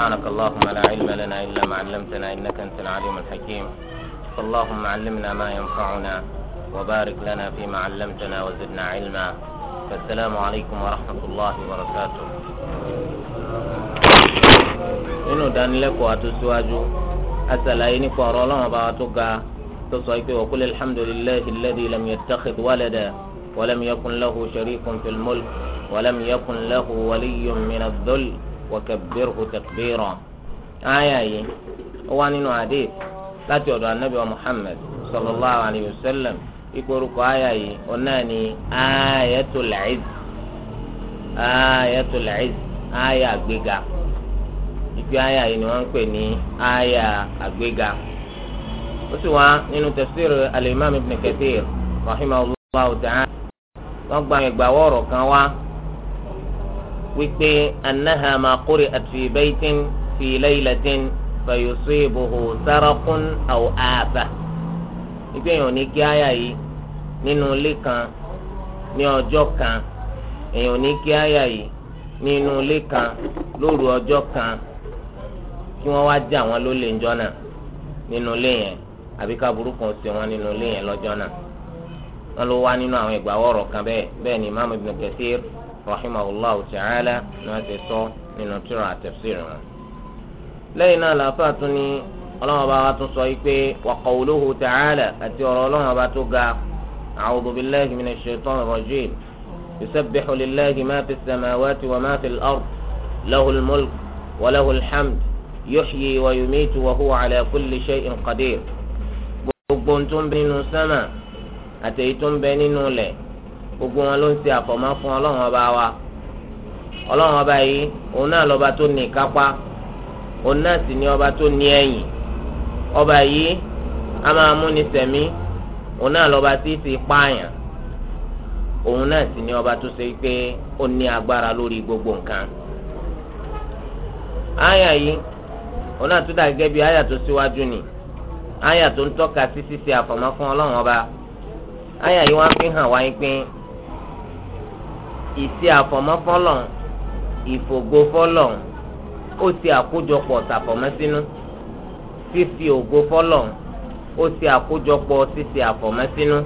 سبحانك اللهم لا علم لنا إلا ما علمتنا إنك أنت العليم الحكيم اللهم علمنا ما ينفعنا وبارك لنا فيما علمتنا وزدنا علما فالسلام عليكم ورحمة الله وبركاته nínú ìdánilẹ́kọ̀ọ́ لك asàlàyé nípa ọ̀rọ̀ ọlọ́run ọba wa tó ga وقل الحمد لله الذي لم يتخذ ولدا ولم يكن له شريك في الملك ولم يكن له ولي من الذل وكبره تكبيرا آية آية وأن حديث لا تعد النبي محمد صلى الله عليه وسلم يقول آية آية وناني آية العز آية العز آية بيجا ìpè àyà yìí ni wọ́n ń pè ní àyà àgbéga ó sì wá nínú tafsir al-imam ibn kathir rahimahullah gba ìgbàwọ́ ọ̀rọ̀ kan wá wípé anaha ma kórè àti bẹ́ẹ̀tìn fi laylatin fayusibuhu sarakun aw aaba. wípé èèyàn ní kí àyà yìí nínú ilé kan ní ọjọ́ kan èèyàn ní kí àyà yìí nínú ilé kan lóru ọjọ́ kan kí wọ́n wá jà wọ́n lólè nínú ilé yẹn àbí ká burúkú ṣe wọ́n nínú rahimahullah ta'ala ni wọ́n ti sọ nínú tírà tafsir wọn. lẹ́yìn náà làáfàá tún ní ọlọ́wọ́n bá wa tún sọ yìí pé wa qawluhu ta'ala àti ọ̀rọ̀ ọlọ́wọ́n bá tó ga a'udhu billahi minash shaitanir rajim yusabbihu lillahi ma fi samawati wa ma fi al-ard lahul mulk wa lahul hamd yuhyi wa yumitu wa huwa qadir gbogbo tó nínú sámà àtẹ̀yí nínú lẹ̀ gbogbo wọn ló ń ṣe àfọ̀mọ́ fún ọlọ́run ọba wa ọlọ́run ọba yìí òun náà lọ́ba tó ní kápá òun náà sì ní ọba tó ní ẹ̀yìn ọba yìí a máa mú ni sẹ̀mí òun náà lọ́ba tí ti pààyàn òun náà sì ní ọba tó ṣe pé ó ní agbára lórí gbogbo nǹkan. àyà yìí òun náà tún dà bí àyà tó síwájú ni àyà tó ń tọ́ka sí ṣíṣe àfọ̀mọ́ fún ọlọ́run ọba àyà yìí wọ́n fi hàn wáyé pé ìsì àfọ̀mọ́ fọ́lọ̀ ìfògo fọ́lọ̀ ó ti àkójọpọ̀ tàfọ̀mọ́ sínú fífi ògo fọ́lọ̀ ó ti àkójọpọ̀ títí àfọ̀mọ́ sínú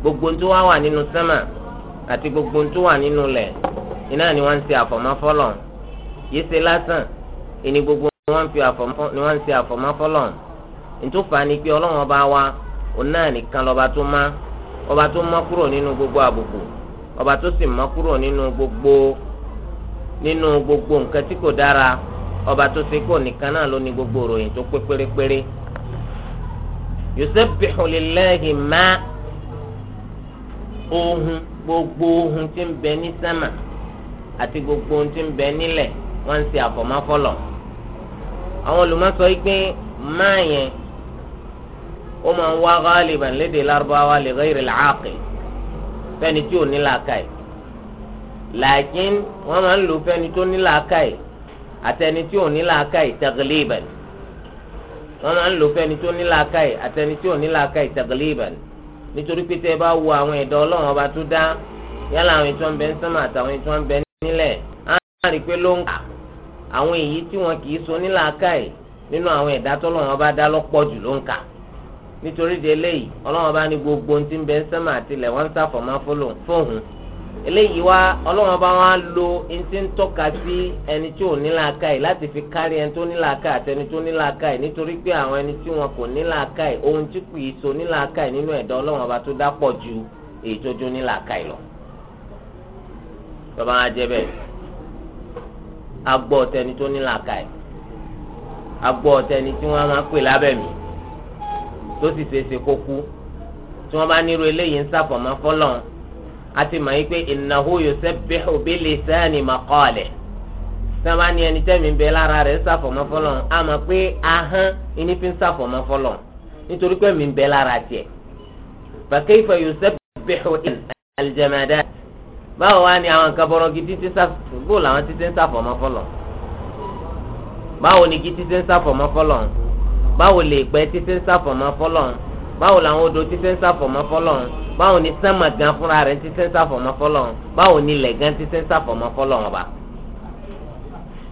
gbogbo tó wá wà nínú sẹ́mà àti gbogbo tó wà nínú lẹ̀ iná ni wọ́n ń ṣe àfọ̀mọ́ fọ́lọ̀ yìí ṣe lásán ìní gbogbo wọ́n fi àfọ̀mọ́ ni wọ́n ń ṣe àfọ̀mọ́ fọ́lọ̀ ntòfà ni pé ọlọ́wọ́n bá wa òun náà nìkan lọ́ba tó má ọba tó mọ́ kúrò nínú gbogbo àbùkù ọba tó sì mọ́ kúrò nínú gbogbo nínú gbogbo nǹkan tí kò dára ọba tó ṣe kó nìkan náà ló ní gbogbo ròyìn tó pé pérépéré yusabbihu lillahi ma ohun gbogbo ohun tí ń bẹ ní sámà àti gbogbo ohun tí ń bẹ nílẹ̀ wọ́n ń ṣe àfọ̀mọ́fọ́lọ̀ àwọn olùmọ̀sọ yìí pé máa yẹn ó máa ń wá ghaliban lédè lárúbáwá li ghayril aaqil fẹ́ni tí ò ní làákàyè làákìn wọ́n máa ń lò fẹ́ni tó ní làákàyè àtẹni tí ò ní làákàyè tagliban wọ́n máa ń lò fẹ́ni tó ní làákàyè àtẹni tí ò ní làákàyè tagliban nítorí pé tẹ́ ẹ bá wo àwọn ẹ̀dá Ọlọ́run ọba tó dá yálà àwọn ìtọ́ ń bẹ ń sánmà àtàwọn ìtọ́ bẹ nílẹ̀ á rí i pé ló ń kà àwọn èyí tí wọn kì í so ní làákàyè nínú àwọn ẹ̀dá nítorí di eléyìí ọlọ́wọ́n bá ní gbogbo ohun tí ń bẹ ń sẹ́mà àti ilẹ̀ wọ́n ń sàfọ̀mọ́ fóònù eléyìí wá ọlọ́wọ́n bá wá lo ẹni tí ń tọ́ka sí ẹni tí ò ní làákàyè láti fi kárí ẹni tó ní làákàyè àti ẹni tó ní làákàyè nítorí pé àwọn ẹni tí wọn kò ní làákàyè ohun tí kì í so ní làákàyè nínú ẹ̀dá ọlọ́wọ́n bá tó dá ju èyí tó jó ní làákàyè lọ. bàbá wa jẹ bẹ́ẹ̀ agbọ́ ọ̀tẹni tó ní làákàyè agbọ́ ọ̀tẹni tí wọ́n máa pè lábẹ́mìí tó sì ṣeéṣe kó kú tí wọ́n bá nírú eléyìí ń sàfọ̀mọ́ fọ́lọ́n àti mọ̀ yìí pé innahu yusabbihu bilisani maqalihi tí wọ́n bá ní ẹni tẹ́mi bẹ lára rẹ̀ ń sàfọ̀mọ́ fọ́lọ́n a mọ̀ pé ahọ́n iní fi ń sàfọ̀mọ́ fọ́lọ́n nítorí pé mi ń bẹ lára tiẹ̀ fa kayfa yusabbihu al-jamadat báwo wá ni àwọn nǹkan bọ̀rọ̀ gidi ti ń sá bó làwọn ti ti ń sàfọ̀mọ́ fọ́lọ́n báwo ni gidi ti ń sàfọ̀mọ́ fọ́lọ́n báwo lè gbẹ́ títí ń sàfọ̀mọ́ fọlọ́n báwo làwọn odò títí ń sàfọ̀mọ́ fọlọ́n báwo ni sánmà gan fúnra rẹ̀ títí ń sàfọ̀mọ́ fọlọ́n báwo ni ilẹ̀ gan títí ń sàfọ̀mọ́ fọlọ́n ọba.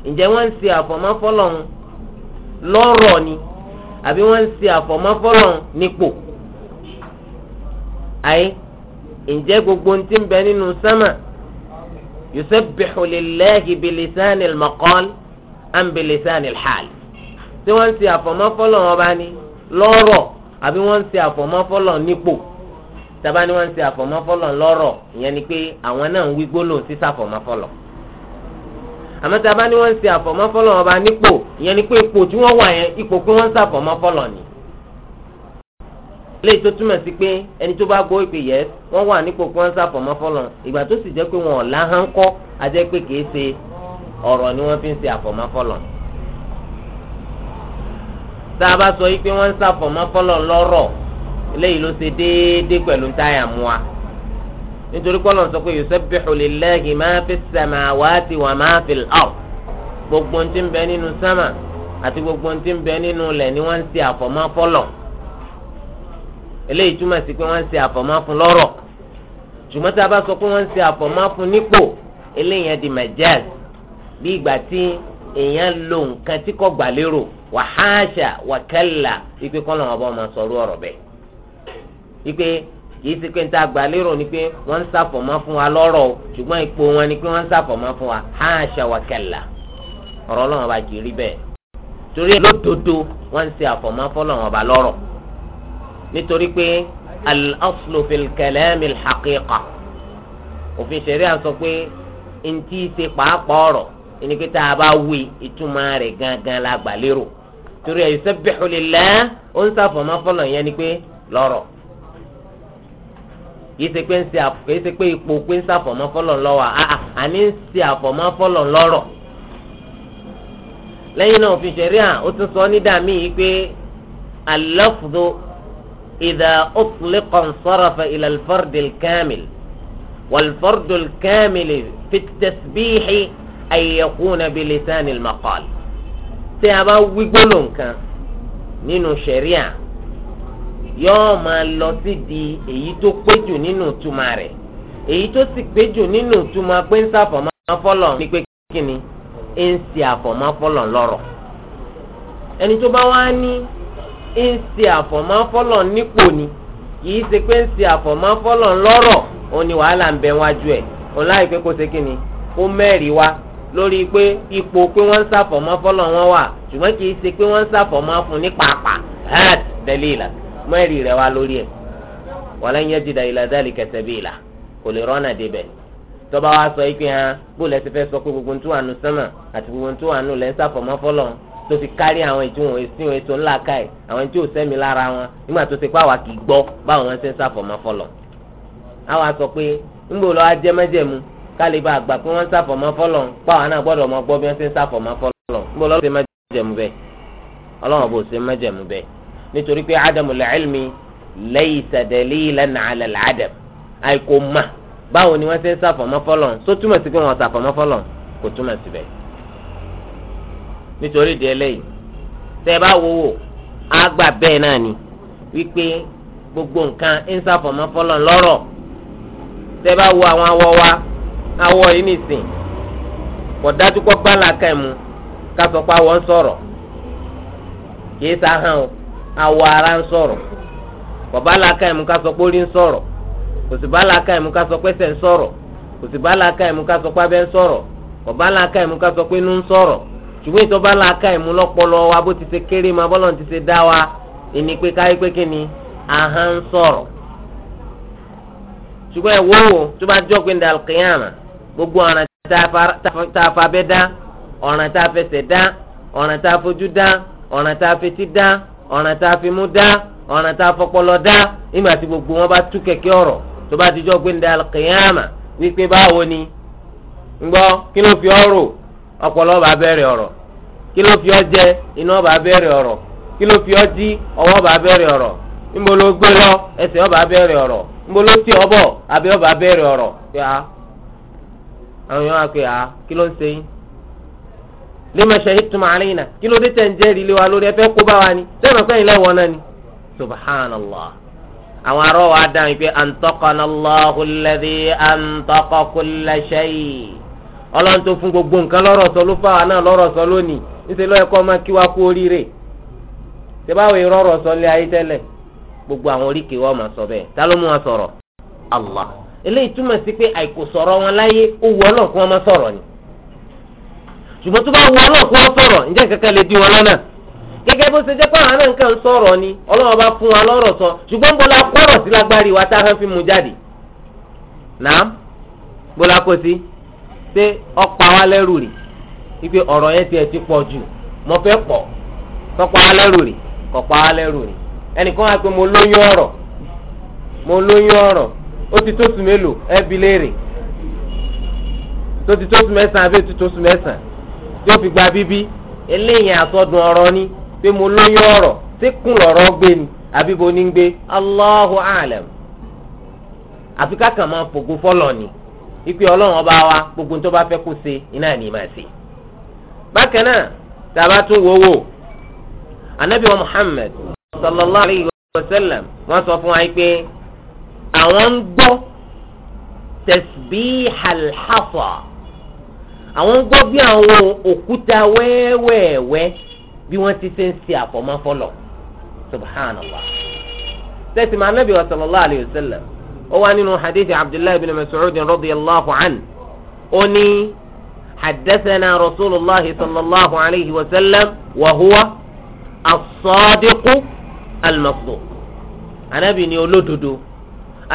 ǹjẹ́ wọ́n ń ṣe àfọ̀mọ́ fọlọ́n lọ́rọ̀ ni àbí wọ́n ń ṣe àfọ̀mọ́ fọlọ́n nípò. ayé ǹjẹ́ gbogbo ti ń bẹ nínú sánmà yusabbihu lillahi bilisanil maqal am bilisanil hal tí wọ́n ń ṣe àfọ̀mọ́ fọ́lọ̀ wọn bá ní lọ́rọ̀ àbí wọ́n ń ṣe àfọ̀mọ́ fọ́lọ̀ nípò tàbá ni wọ́n ń ṣe àfọ̀mọ́ fọ́lọ̀ lọ́rọ̀ ìyẹn ni pé àwọn náà ń wí gbólóhùn sí sàfọ̀mọ́ fọ́lọ̀ àmọ́ tàbá ni wọ́n ń ṣe àfọ̀mọ́ fọ́lọ̀ wọn bá nípò ìyẹn ni pé ipò tí wọ́n wà yẹn ipò pé wọ́n ń sàfọ̀mọ́ fọ́lọ̀ ni lẹ́yìn tó túmọ̀ sí pé ẹni tó bá gbọ́ ìpè yẹ wọ́n wà nípò pé wọ́n ń sàfọ̀mọ́ fọ́lọ̀ ìgbà tó sì jẹ́ pé wọn ò láhán kọ́ ajẹ́ tá a bá sọ yìí pé wọ́n ń ṣàfọ̀mọ́ fọlọ́ lọ́rọ̀ eléyìí ló ṣe déédéé pẹ̀lú táyà mu wa nítorí kọ́lọ̀ sọ pé yusabbihu lillahi máa fi samawati wa máa fi al-ard gbogbo ntí ń bẹ nínú sámà àti gbogbo ntí ń bẹ nínú lẹ̀ ni wọ́n ń ṣe àfọ̀mọ́ fọlọ̀ eléyìí túmọ̀ sí pé wọ́n ń ṣe àfọ̀mọ́ fún lọ́rọ̀ ṣùgbọ́n tá a bá sọ pé wọ́n ń ṣe àfọ̀mọ́ fún nípò eléyìí yẹn di majaz bí ìgbà tí èèyàn lo nǹkan tí kò gbà lérò wàhásà wàkẹ́là ipe kọ́nà ọba ọmọ sọ̀rọ̀ ọ̀rọ̀ bẹ́ẹ̀ ipe kìí ṣe pé n ta gbà lérò ni pé wọ́n ń ṣàfọ̀mọ́ fún wa lọ́rọ̀ o ṣùgbọ́n ipò wọn ni pé wọ́n ń ṣàfọ̀mọ́ fún wa hásà wàkẹ́là ọ̀rọ̀ ọlọ́run ọba kì rí bẹ́ẹ̀ torí lódodo wọ́n ń ṣe àfọ̀mọ́ fọlọ́run ọba lọ́rọ̀ nítorí pé al-aslu fil kalami al-haqiqa òfin sọ pé ntí ṣe pàápàá ọ̀rọ̀ ẹni bá wí ìtumọ̀ rẹ̀ gangan la gbà lérò torí ẹ̀ yusabbihu lillah ó ń sàfọ̀mọ́ fọlọ̀ yẹn ni pé lọ́rọ̀ kì í ṣe pé ń ṣe àfọ̀ kì í ṣe pé ipò pé ń sàfọ̀mọ́ fọlọ̀ lọ́wọ́ àní ń ṣe àfọ̀mọ́ fọlọ̀ lọ́rọ̀ lẹ́yìn náà òfin ṣẹ̀ríà ó tún sọ nídàá míì pé al-lafzu idha utliqa insarafa ila al-fard al-kamil wal fi at-tasbih ay yakuna bi tẹ a bá wí gbólóhùn nínú ṣẹ̀ríà yóò máa lọ sí di èyí tó péjù nínú ìtumọ̀ rẹ̀ èyí tó sì péjù nínú ìtumọ̀ pé ń sàfọ̀mọ́ fọlọ̀ ní pé kíni ń ṣe àfọ̀mọ́ fọlọ̀ lọ́rọ̀ ẹni tó bá wá ní ń ṣe àfọ̀mọ́ fọlọ̀ nípò ni kìí ṣe pé ń ṣe ni wàhálà ń bẹ wájú ẹ̀ òun láì pé kó lórí pé ipò pé wọ́n ń sàfọ̀mọ́ fọ́lọ̀ wọn wà ṣùgbọ́n kì í ṣe pé wọ́n ń sàfọ̀mọ́ fún ní pàápàá hẹ́t dẹ́líìlà mẹ́rì rẹ̀ wá lórí ẹ̀ wọ́n lẹ́yìn ẹ̀jìdá ìlà dálì kẹsẹ̀ bí ìlà kò lè wa sọ yìí pé hàn bó lẹ́sẹ̀ fẹ́ sọ pé gbogbo tó àánú sánmà àti gbogbo tó àánú lẹ́ ń sàfọ̀mọ́ fọ́lọ̀ tó fi kárí àwọn ìtú wọn èsì wọn ètò ńlá káì àwọn sẹ́mi lára wọn nígbà tó ti pa àwa sọ pé ńgbò kálíbà àgbà pé wọ́n ń sàfọ̀mọ́ fọlọ́n páwọn náà gbọ́dọ̀ mọ gbọ́ bí wọ́n ti ń sàfọ̀mọ́ fọlọ́n níbo lọ́wọ́ ṣe mẹ́jẹ̀mú bẹ́ẹ̀ ọlọ́wọ́n bò ṣe mẹ́jẹ̀mú bẹ́ẹ̀ nítorí pé ádámù lẹ́ẹ̀lmi laysa dalilan ala al-adam àìkò mà báwo ni wọ́n ti ń sàfọ̀mọ́ fọlọ́n tó túmọ̀ sí pé wọ́n sàfọ̀mọ́ fọlọ́n kò túmọ̀ sí bẹ́ẹ̀ nítorí di eléyìí tẹ́ bá wo wò á gbà bẹ́ẹ̀ náà ni wípé gbogbo nǹkan ń sàfọ̀mọ́ fọlọ́n lọ́rọ̀ tẹ́ bá wo àwọn awọ wa awọ yìí nìsín kọ̀dájú kọ́ gbálaka ẹ̀ mu kásọ pé awọ sọ̀rọ̀ kìí awọ ara ń sọ̀rọ̀ kọ̀bálaka ẹ̀ mu kásọ pé orí ń sọ̀rọ̀ kòsìbálaka ẹ̀ mu kásọ pé ẹsẹ̀ ń sọ̀rọ̀ kòsìbálaka ẹ̀ mu kásọ pé abẹ́ ń sọ̀rọ̀ pé inú ń sọ̀rọ̀ ṣùgbọ́n wa bó ti ṣe kéré ma bọ́lọ̀ ti ṣe gbogbo ọ̀ràn tá a fa abẹ́ dán ọ̀ràn tá a fẹsẹ̀ dán ọ̀ràn tá a fojú dán ọ̀ràn tá a fetí ọ̀ràn tá a fimú ọ̀ràn tá a fọpọlọ nígbà tí gbogbo wọn bá tú kẹ̀kẹ́ ọ̀rọ̀ tó bá dijọ́ gbẹ̀ndẹ̀ alqiyama wípé báwo ni ngbọ́ kí ló fi ọ̀rọ̀ ọpọlọ bá bẹ̀rẹ̀ ọ̀rọ̀ kí ló fi ọ iná bá bẹ̀rẹ̀ ọ̀rọ̀ kí ló ọ ọwọ́ bá bẹ̀rẹ̀ ọ̀rọ̀ ló gbé lọ ẹsẹ̀ ọba bẹ̀rẹ̀ ọ̀rọ̀ ló àwọn èèyàn wá pé à ah, kí ló ń ṣe yín lima shahidtum alayna kí ló dé tẹ̀ ń jẹ́rìí lé wa lórí ẹ fẹ́ kó bá wa ni sẹ́yìn pé ìlẹ̀ wọ̀n náà ni subhanallah àwọn ará wa dáhùn yìí pé antaqanallahu alladhi antaqa kulla fún gbogbo nǹkan lọ́rọ̀ sọ ló fáwọn náà lọ́rọ̀ sọ lónìí níṣẹ́ lọ́yẹ kọ́ máa kí wa kú oríire tẹ́báwò ìrọ̀rọ̀ sọ lé ayé tẹ́lẹ̀ gbogbo àwọn oríkèé wa máa sọ bẹ́ẹ̀ ta wa sọ̀rọ̀ allah eléyìí túmọ̀ sí pé àìkò sọ̀rọ̀ wọn láyé ó wù ọlọ́ọ̀ kí ma má sọ̀rọ̀ ni ṣùgbọ́n tó bá wù ọlọ́ọ̀ kí wọ́n sọ̀rọ̀ ǹjẹ́ kankan lè di wọn lọ́nà gẹ́gẹ́ bó ṣe jẹ́ pé àwọn náà ń ni ọlọ́wọ́ bá fún wa lọ́rọ̀ sọ ṣùgbọ́n bọ́lá kọ́rọ̀ sí lágbárí wa tá a fẹ́ fi mu jáde sí wa lẹ́rù rè wípé ọ̀rọ̀ yẹn tiẹ̀ ti pọ̀ jù mo fẹ́ pọ̀ wa lẹ́rù rè kọ́pá wa lẹ́rù rè ẹnìkan wá pé mo lóyún ó ti tó sùn mélòó ẹbí léèrè tó ti tó sùn mẹ́sàn-án àbí ètò tó sùn mẹ́sàn fi gba bíbí eléyìí ni pé mo lóyún ọ̀rọ̀ tí kùn lọ́rọ̀ gbé ni àbí ní gbé Allahu alam máa ni ipe ọlọrun ọba wa gbogbo tó bá fẹ́ kó iná ni màá ṣe. bákan náà tàbá tún wò wò anabi wa Muhammad sallallahu alayhi wa sallam àwọn ń gbọ́ tasbihal hafa àwọn ń gbọ́ bí àwọn òkúta wẹ́wẹ́wẹ́ bí wọ́n ti ṣe ń ṣe àfọ̀mọ́fọ́lọ̀ subhanallah sẹ́sì máa nábì wa sallallahu alayhi wa sallam ó wá nínú hadithi abdullahi bin mas'ud radiyallahu an ó ní haddathana rasulillah sallallahu alayhi wa sallam wa huwa as-sadiqu al-masduq anabi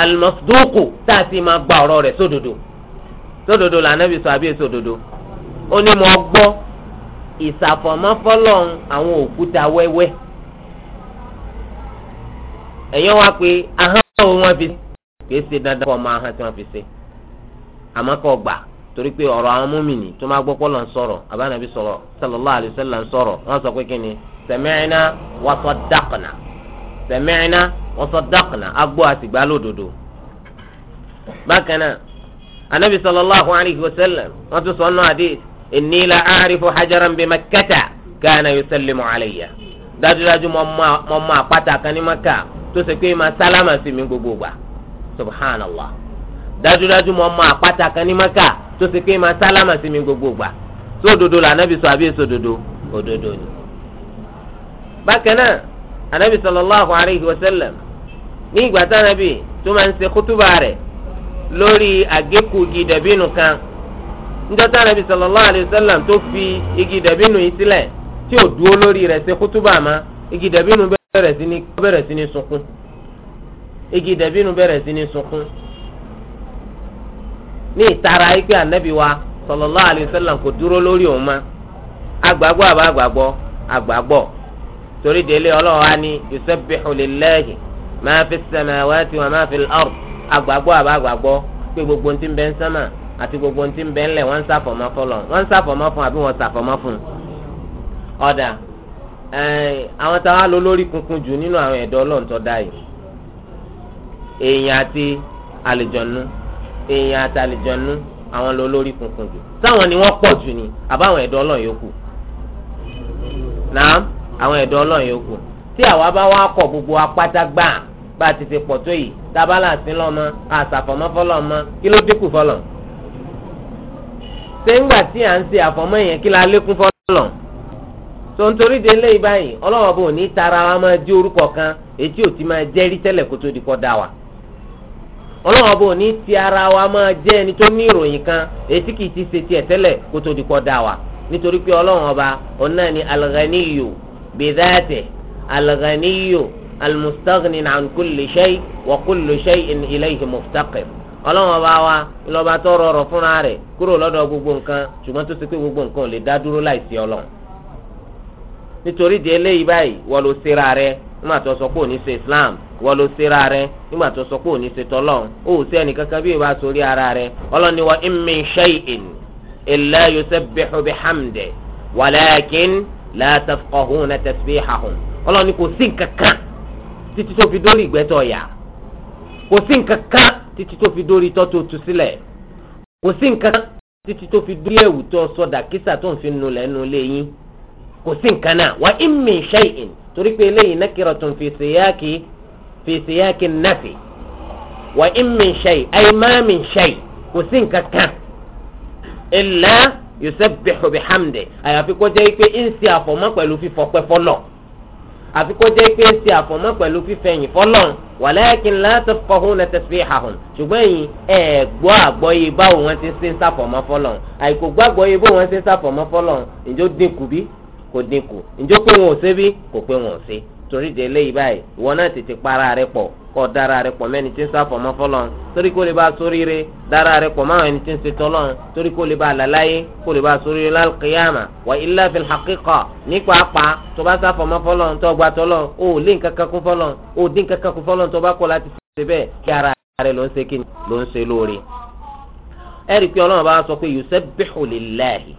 alimọsidúkù tá a ma máa gba ọ̀rọ̀ rẹ̀ sódodo sódodo là nàbì sọ àbí sódodo ó ní mo gbọ́ ìsàfọ̀mọ́fọ́lọ́hún àwọn òkúta wẹ́wẹ́ ẹ̀yọ́ wa pé ahọ́n wọn fi kìí ṣe dandan fún ọmọ ahọ́n tí wọ́n fi ṣe àmọ́ kò gbà torí pé ọ̀rọ̀ àwọn múmìnì tó máa gbọ́ pọ́lọ̀ sọ̀rọ̀ àbánabi sọ̀rọ̀ sami'na wa saddaqna agbó àtìgbà lódodo. bákan náà anabi sallallahu alayhi wa sallam wọ́n tún sọnù hadith inni la a'rifu hajaran bi makkata kana yusallimu alayya dájúdájú mo mọ àpáta kan ní maka tó ṣe pé máa sálámà sí mi gbogbo gbà subhanallah dájúdájú mo mọ àpáta kan ní maka tó ṣe pé máa sálámà sí mi gbogbo gbà sódodo lànà bí sọ àbí èso òdodo ni. bákan anabi sallallahu alayhi wa sallam ní ìgbà tánabi tó máa ń ṣe kútúbà rẹ̀ lórí àgékùgì dàbínù kan níjọ́ tánabi sallallahu alayhi wa sallam tó fi igi dàbínù yìí sílẹ̀ tí ò dúró lórí rẹ̀ ṣe kútúbà má igi dàbínù bẹ̀rẹ̀ sí ní bẹ̀rẹ̀ sí ní sunkún igi dàbínù bẹ̀rẹ̀ sí ní sunkún ní ìtara yìí anabi wa sallallahu alayhi wa sallam kò dúró lórí òun ma agbàgbọ́ àbá agbàgbọ́ agbàgbọ́ torí délé ọlọ́run á ní yusabbihu lillahi ma fi samawati wa ma fi al-ard agbàgbọ́ àbá agbàgbọ́ pé gbogbo ntí ń bẹ ń sánmà àti gbogbo ntí ń bẹ ń lẹ̀ wọ́n ń sàfọ̀mọ́ fọlọ́ wọ́n ń sàfọ̀mọ́ fún àbí wọ́n sàfọ̀mọ́ fún. ọ̀dà àwọn táwa lọ lórí kunkun jù nínú àwọn ẹ̀dọ́ ọlọ́ọ̀tọ́ dá yìí èèyàn àti àlejòónú èèyàn àti àlejòónú àwọn lọ àwọn ẹ̀dọ́ ọlọ́run yòókù tí àwa bá wá kọ̀ gbogbo apáta gbà bá a ti ti pọ̀ tó yìí tábàlà sí lọ́mọ àṣàfọ̀mọ́ fọlọ́mọ kí ló dínkù fọlọ́ sẹ́ńgbà tí à ń ṣe àfọ̀mọ́ yẹn kí la lékún fọlọ́ tó ń torí de lé báyìí ọlọ́wọ́ bò ní tara wa máa di orúkọ kan etí ò ti máa jẹ́ rí tẹ́lẹ̀ kó tó di kọ́ da wa ọlọ́wọ́ bò ní ti ara wa máa jẹ́ ẹni tó ní ìròyìn kan etí kì í ti ṣe tiẹ̀ tẹ́lẹ̀ kó tó di kọ́ da wa nítorí pé ọlọ́wọ́ ọba ọ̀nà ni alghaniyu بذاته الغني المستغن عن كل شيء وكل شيء إليه مفتقر ọlọ́run ọba wa ìlọba tó rọrọ̀ fúnra rẹ̀ kúrò lọ́dọ̀ gbogbo nǹkan ṣùgbọ́n tó ti pé gbogbo nǹkan ò lè dá dúró láìsí ọlọ́run nítorí di eléyìí báyìí wọ́n ló ṣera rẹ̀ nígbà tó sọ pé òní ṣe islam wọ́n ló ṣera rẹ̀ nígbà tó sọ pé òní ṣe tọ́lọ́run ó sì ẹnì kankan bí ìbá sórí ara rẹ̀ ọlọ́ni wa in min shay'in illa yusabbihu bihamdi walakin la tafqahuna tasbihahum ọlọ́ni kò sí nkankan títí tó fi dórí ìgbẹ́tọ̀ yà kò sí nkankan títí tó fi dórí tọ́ tó tu sílẹ̀ kò sí nkankan títí tó fi dórí ẹ̀wù tó sọdà kísà tó ń fi nulẹ̀ nulẹ̀ yín kò sí nkan náà wa in min shay'in torí pé eléyìí nakiratun fi siyaki fi siyaki nafi wa in min shay'in ay ma min shay'in kò sí nkankan illa yusabbihu bihamdi àyàfi kó jẹ́ pé ń ṣe àfọ̀mọ́ pẹ̀lú fífọpẹ́ fọlọ́ àfi kó jẹ́ pé ń ṣe àfọ̀mọ́ pẹ̀lú fífẹ̀yìn fọlọ́ walakin la tafqahuna tasbihahum ṣùgbọ́n ẹ̀yin ẹ̀ gbọ́ àgbọ́yé báwo wọ́n ti ń ṣe ń ṣàfọ̀mọ́ fọlọ́ àìkò gbọ́ àgbọ́yé bó wọ́n ti ń ṣàfọ̀mọ́ fọlọ́ ǹjọ́ dínkù bí kò dínkù ǹjọ́ pé wọn ò ṣe bí kò pé wọn ò ṣe torí kọ́ dára rẹ pọ̀ mẹ́ni tí ń ṣàfọ̀mọ́ fọlọ́n torí kó lè bá ṣoríire dára rẹ pọ̀ máwọn ẹni tí ń ṣe tọ́lọ́n torí kó lè bá làlàyé kó lè bá ṣoríire lálùkìyàmà wà ilá fi hàkíkọ̀ nípa apá tó bá ṣàfọ̀mọ́ fọlọ́n tó gba tọ́lọ́n ó lé nǹkankan kún fọlọ́n ó dín nǹkankan kún fọlọ́n tó bá kọ́ láti ṣe bẹ́ẹ̀ kí ara rẹ ló ń ṣe kí ló ń ṣe lóore. ẹ rí i pé ọlọ́run bá sọ pé yusabbihu lillahi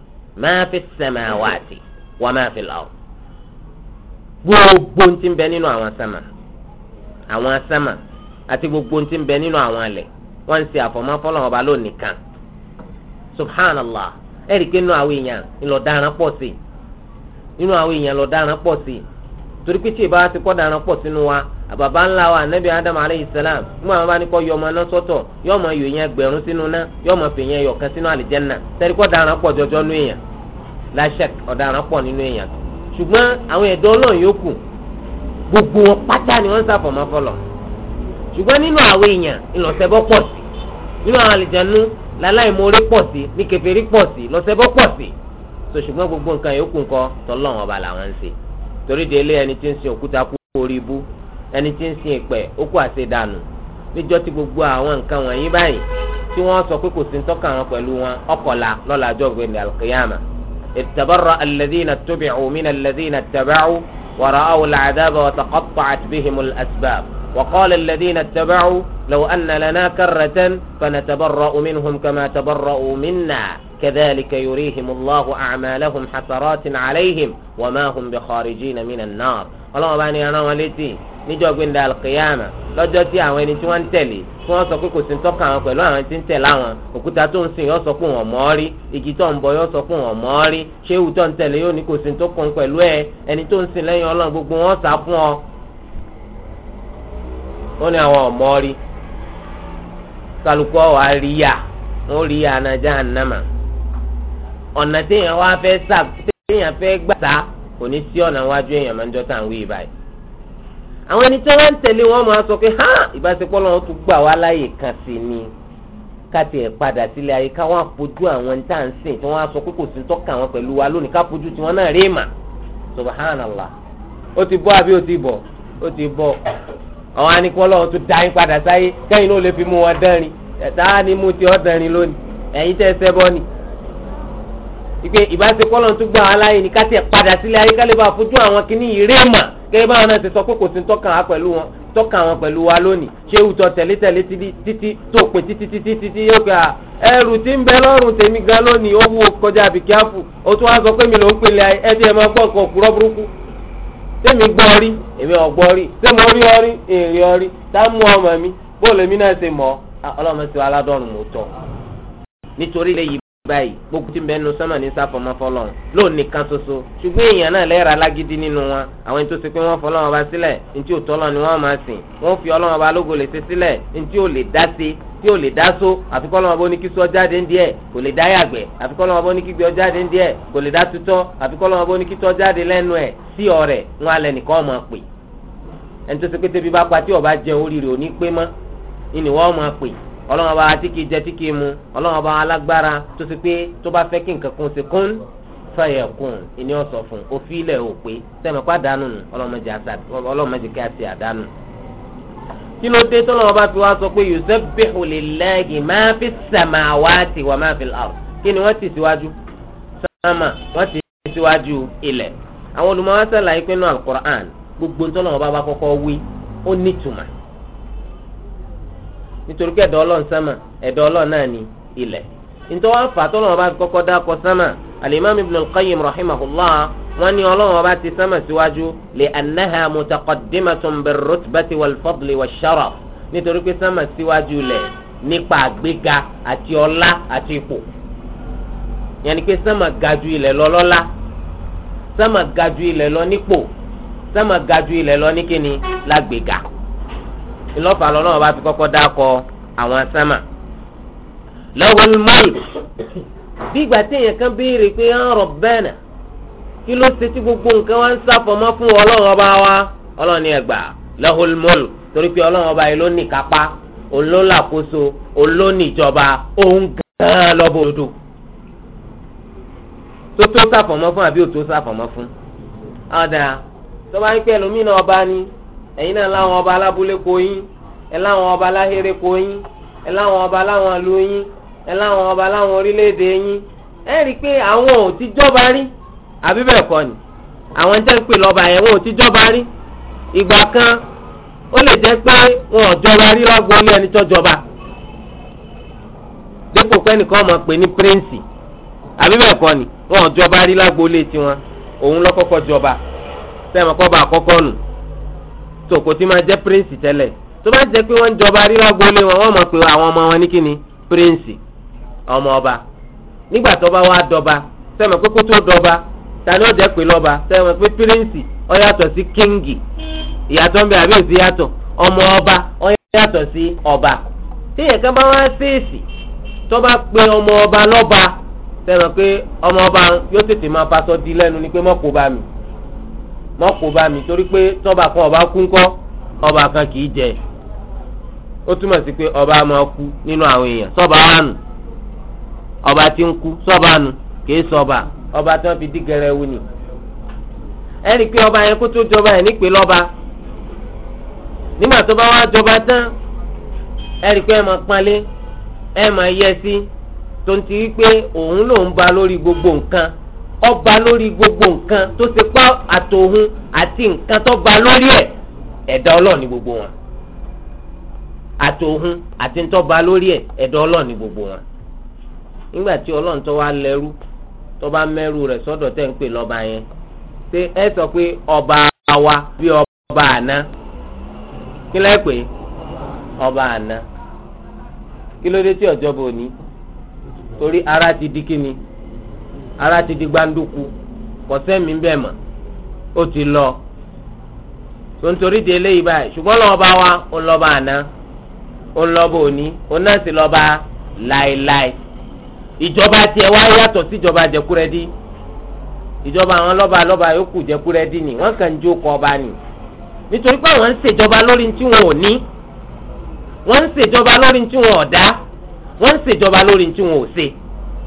àwọn asama àti gbogbo ohun ń bẹ nínú àwọn alẹ̀ wọ́n ń ṣe àfọ̀mọ́ fọlọ́wọn ọba lónìí kan subhanallah ẹ̀rí pé nínú àwọn èèyàn ńlọdaràn pọ̀ sí àwọn èèyàn pọ̀ sí torí pé tí ti kọ́ pọ̀ sínú wa àbàbá ńlá wa anabi adam aleyhi salam mú àwọn abánikọ yọ ọmọ náà sọ́tọ̀ yọ ọmọ yòó yẹn gbẹ̀rún sínú náà yọ kọ pọ̀ èèyàn láṣẹ pọ̀ nínú èèyàn ṣùgbọ́n àwọn ẹ̀dọ́ Ọlọ́run gbogbo wọn pátá ni wọn ń sàfọmọ fọlọ ṣùgbọ́n nínú àwọn èèyàn ìlọsẹbọ pọ̀ sí nínú àwọn àlìjánu láláì mórí pọ̀ sí ní kèfèrí pọ̀ sí lọsẹbọ pọ̀ sí so ṣùgbọ́n gbogbo nǹkan yòókù ńkọ́ tọlọ́run ọba làwọn ń ṣe torí de ilé ẹni tí ń sin òkúta kú orí ibú ẹni tí ń sin ìpẹ ó kú àṣedànù níjọ́ tí gbogbo àwọn nǹkan wọ̀nyí báyìí tí wọ́n sọ pé kò sí ntọ́ka wọn pẹ̀lú wọn ọkọ̀la lọ́la àjọ ìgbẹ́ni alqiyama ìtàbọ̀rọ̀ alladhina tubi'u min alladhina taba'u ورأوا العذاب وتقطعت بهم الأسباب وقال الذين اتبعوا لو أن لنا كرة فنتبرأ منهم كما تبرأوا منا كذلك يريهم الله أعمالهم حسرات عليهم وما هم بخارجين من النار ọlọ́run bá ní ẹran wọn létí níjọ́ gbẹ̀ndà alkiyama lọ́jọ́ tí àwọn ẹni tí wọ́n ń tẹ̀lé tí wọ́n sọ pé kò sí ń tọ́ka àwọn pẹ̀lú àwọn tí ń tẹ̀lé àwọn òkúta tó ń sìn yóò sọ pé wọ́n mọ̀ ọ́ rí igi tó ń bọ yóò sọ pé wọ́n mọ̀ ọ́ rí ṣéwù tó ń tẹ̀lé yóò ní kò sí ń tó kàn pẹ̀lú ẹ ẹni tó ń sìn lẹ́yìn ọlọ́run gbogbo wọn sá fún ọ. ó ní àwọn ọ̀mọ́ rí kálukú ọ̀ wá rí yà wọ́n rí yà náà jahannama ọ̀nà téèyàn wá fẹ́ sá téèyàn fẹ́ gbà sá kò ní sí ọ̀nà wájú èèyàn máa ń jọ́ tàn báyìí. àwọn ẹni tí wọ́n ń tẹ̀lé wọn máa sọ pé hàn ìbáṣepọ̀ lọ́wọ́ tún gbà láàyè kan sí ni ká tiẹ̀ padà sílé ayé ká wọ́n àwọn ní tá à ń sìn tí wọ́n á sọ pé kò sí tọ́ka wọn pẹ̀lú wa lónìí ká fojú tiwọn náà rí mà subhanallah ó ti bọ́ àbí ó ti bọ̀ ó ti ti ọ́ ìpè ìbáṣepọ̀ ọlọ́run tún gbà wá láàyè ní káti ẹ̀ padà sílé ayé ká lè bá fojú àwọn kìíní ìrèmà gẹ́gẹ́ báwọn náà ti sọ pé kò sí tọ́kàn wá pẹ̀lú wọn tọ́kàn wọn pẹ̀lú wa lónìí ṣé ìwùtọ́ tẹ̀lé-tẹ̀lé títí tó pè títí títí títí yóò pé ẹrù tí ń bẹ lọ́rùn tèmi gan lónìí ó wù kọjá àbíkíáfù ó tún wá sọ pé mi ló ń pinlẹ̀ ẹ ti ẹ̀ máa gbọ́ nǹkan òkúrọ́ burúkú tẹ́mi gbọ́ rí èmi ọ̀gbọ́ rí tẹ́mi orí ọrí èrè ọrí tá mú ọmọ mi bóòlù èmi náà ṣe mọ̀ ọlọ́run ti wá aládọ́run mò ń nítorí lè yí báyìí gbogbo tí ń bẹ nu sọmọ ní sáfọmọ fọlọ́run lóun nìkan ṣoṣo ṣùgbọ́n èèyàn náà lẹ́ẹ̀rọ alágídí nínú wọn àwọn ètò sí pé wọ́n ọba sílẹ̀ ntí ò tọ́lọ́ ni wọ́n máa sìn wọ́n fi ọlọ́run ọba lógo lè ṣe sílẹ̀ ntí ò lè dá tí ò lè dá so sọ jáde ń díẹ̀ kò lè dá yàgbẹ́ àfikọ́ ọ jáde ń díẹ̀ kò lè dá tutọ́ àfikọ́ tọ́ jáde lẹ́nu ẹ̀ sí ọ̀rẹ́ wọn alẹ́ nìkan ọmọ pè ọlọ́run ọba tí kìí jẹ tí kìí mu ọlọ́run ọba alágbára tó ti pé tó bá fẹ́ kí nǹkan kan ṣe kún fẹ̀yẹ̀ kún ìní ọ̀sọ̀ fún òfin ilẹ̀ ò pé sẹ́mi pa dànù nù ọlọ́run mẹ́jẹ kí a ti àdánù. kí ló dé tó lọ́wọ́ bá fi sọ pé yusabbihu lillahi ma fi samawati wa ma fil ard kí ni wọ́n ti síwájú sáàmà wọ́n ti síwájú ilẹ̀ àwọn olùmọ̀wá sàlàyé pé nínú al-Qur'an gbogbo ntọ́lọ́wọ́ bá bá kọ́kọ́ wí ó nítumọ̀ nítorí pé ẹ̀dọ̀ ọlọ́run sámà ẹ̀dọ̀ ọlọ́run náà ni ilẹ̀ nítorí wọn fà tọ́lọ́run ọba kọ́kọ́ dákọ sámà alimami ibn al-qayyim rahimahullah wọn ní ọlọ́run ọba ti sámà síwájú lè anaha mutaqaddimatun birrutbati walfadli washaraf nítorí pé sámà síwájú lẹ̀ nípa àgbéga àti ọlá àti ipò yẹnni pé sámà ga ilẹ̀ lọ lọ́lá sámà ga ilẹ̀ lọ nípò sámà ga ilẹ̀ lọ ní kíni La ńlọ́fà lọ́nà ọba ti kọ́kọ́ dákọ àwọn sámà lọ́wọ́ mọ́ì bí ìgbà tí èèyàn kan béèrè pé ń rọ̀ bẹ́ẹ̀nà kí ló ṣe tí gbogbo nǹkan wá ń sáfọmọ́ fún ọlọ́run ọba wa ọlọ́run ni ẹgbà lọ́wọ́ mọ́ọ̀lù torí pé ọlọ́run ọba yìí ló ní kápá òun ló làkóso òun ló ní ìjọba òun gan-an lọ́bọ̀ òdodo tó tó sáfọmọ́ fún àbí òtó sáfọmọ́ fún. ọ̀dà tó bá ń pẹ́ lómìnà ọba ni ẹ̀yin náà láwọn ọba alábúlé kó yín ẹ láwọn ọba aláhéré kó yín ẹ láwọn ọba láwọn ìlú yín ẹ láwọn ọba láwọn orílẹ̀-èdè yín ẹ rí i pé àwọn ò ti jọba rí àbí bẹ́ẹ̀ kọ́ ni àwọn jẹ́ ń lọ́ba yẹn wọn ò ti jọba rí ìgbà kan ó lè jẹ́ pé wọn ò jọba rí lọ́gbọ́n ilé ẹni tó jọba dépò pé ẹnìkan pè ní píríǹsì àbí bẹ́ẹ̀ kọ́ ni wọn ò jọba rí lágboolé tiwọn òun lọ́kọ́kọ́ jọba sẹ́mi kọ́ bá àkọ́kọ́ nù tó kò tí máa jẹ́ píríǹsì tẹ́lẹ̀ tó bá jẹ́ pé wọ́n ń jọba rírà gbolé wọn wọ́n mọ̀ pé àwọn ọmọ wọn ní kíni píríǹsì ọmọ ọba nígbà tó bá wá dọba sẹ́mi pé kó tó dọba tani ó jẹ́ pé lọ́ba sẹ́mi pé píríǹsì ó yàtọ̀ sí kíngì ìyàtọ̀ ń bẹ àbí òsì yàtọ̀ ọmọ ọba ó yàtọ̀ sí ọba tí èèyàn kan bá wá ṣèèṣì tó bá pe ọmọ ọba lọ́ba sẹ́mi pé ọmọ ọba yóò tètè máa fasọ di lẹ́nu ni pé mọ́kò bá mi. mọ́kò bá mi torí pé tọ́ba kan ọba kú ńkọ́ ọba kan kì í jẹ ó túmọ̀ sí pé ọba máa kú nínú àwọn èèyàn sọ́ba àánú ọba tí ń kú sọ́ba àánú kìí sọ́ba ọba tí wọ́n fi dí gẹrẹ wù ni ẹnì pé ọba yẹn kó tó jọba yẹn nípe lọ́ba nígbà tó bá wá jọba tán ẹnì pé ẹ máa panlé ẹ máa yẹ sí tó ń ti rí pé òun lòún ba lórí gbogbo nǹkan ọba lórí gbogbo nǹkan tó ti pa àtòhun àti nǹkan tó ba lórí ẹ̀ ẹ̀dá ọlọ́ọ̀ni gbogbo wọn àtòhun àti nǹkan tó ba lórí ẹ̀ ẹ̀dá ọlọ́ọ̀ni gbogbo wọn nígbà tí ọlọ́run tó wá lẹ́rú tó bá mẹ́rú rẹ̀ sọ́dọ̀ tẹ́ ń pè lọ́ba yẹn ṣé ẹ sọ pé ọba wa bí ọba àná kí lẹ́ pè ọba àná kí ló dé tí ọjọ́ bò ní torí ara ti di kí ni. ara ti di gbanduku kọsẹ́mi bẹ́ẹ̀ mọ̀ ó ti lọ tontori di eléyìí báyìí ṣùgbọ́n lọ́wọ́ wa ó lọ́ bá àná ó lọ́ bá òní ó náà sì lọ́ bá láéláé ìjọba tiẹ̀ wá yàtọ̀ sí ìjọba jẹkúrẹ́dì ìjọba àwọn lọ́ba lọ́ba yòókù jẹkúrẹ́dì ni wọ́n kàn ń jó kọ́ ọba ni nítorí pé àwọn ń ṣèjọba lórí tí wọn ò ní wọ́n ń ṣèjọba lórí tí wọn ò dá wọ́n ń ṣèjọba lórí tí wọn ò ṣe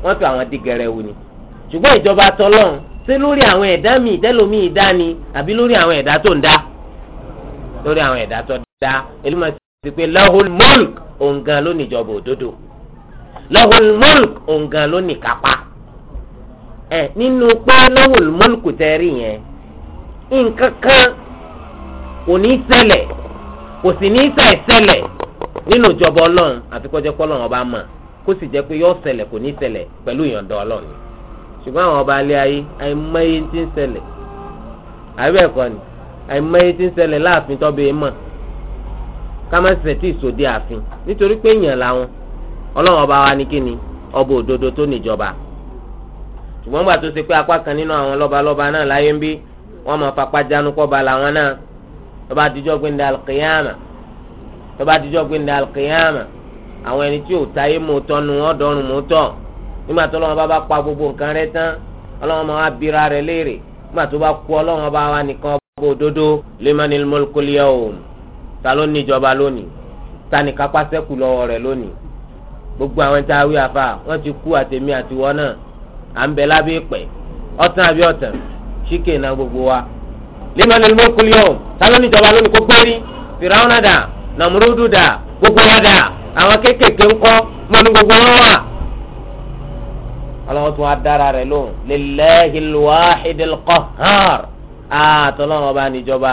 wọ́n fi àwọn dìgẹ̀rẹ̀ wù ni ṣùgbọ́n ìjọba tọlọ́run ṣé lórí àwọn ẹ̀dá mi ìdẹ́lómi ìdá ni àbí lórí àwọn ẹ̀dá tó ń dá lórí àwọn ẹ̀dá tó dá elúmọ̀ sí pé lahul mulk òǹgàn ló ní ìjọba òdodo lahul mulk òǹgàn ló ní kápá ẹ nínú pé lahul mulk tẹ rí yẹn nǹkan kan kò ní ṣẹlẹ̀ kò sì ní ṣẹ̀ ṣẹlẹ̀ nínú ìjọba ọlọ́run àfikọ́jẹ́ pọ́lọ́run ọba mọ̀ kó sì jẹ́ pé yóò ṣùgbọ́n àwọn ọba alẹ́ ayé àìmọye ti ń ṣẹlẹ̀ àbẹ̀ ẹ̀kọ́ ni àìmọye ti ń ṣẹlẹ̀ láàfin tọ́bẹ̀ mọ̀ kámẹ́sẹ̀ tí ìsòdì àfin nítorí pé èèyàn làwọn ọlọ́wọ́n ọba wa ní ni, ọba òdodo tó níjọba ṣùgbọ́n gbà tó ṣe pé apá kan nínú àwọn lọ́balọ́ba náà láyé ń bí wọ́n máa fapá jánu kọ́ba làwọn náà tọ́ba àtijọ́ gbẹ̀ndẹ̀ alkiyama tọ́ba àtijọ́ gbẹ̀ndẹ̀ alkiyama àwọn ẹni tí ò táyé mọ́tọ́ nu ọ́dọ́rùn mọ́tọ́ nígbà tó lọ́wọ́ bá bá pa gbogbo nǹkan rẹ tán ọlọ́wọ́ máa bira rẹ léèrè nígbà tó bá kú ọlọ́wọ́ bá wà nìkan bó dodo limanil mulkul yawm ta ló níjọba lónìí ta ni kápá sẹ́kù lọ́wọ́ rẹ lónìí gbogbo àwọn tá a wí àfa wọ́n ti kú àtẹ̀mí àtiwọ́ náà à ń bẹ lábẹ́ ìpẹ́ ọ̀tàn àbí ọ̀tàn ṣíkè náà gbogbo wa limanil mulkul yawm ta ló níjọba lónìí kó gbérí fìràwọ́n dà nàmúrúdù dà gbogbo wa dà àwọn kéékèèké ńkọ́ mọ́nú gbogbo wọn wà ọlọ́run tún wá dára rẹ̀ lóhùn lillahil wahidil qahhar àtọ́lọ́run ọba níjọba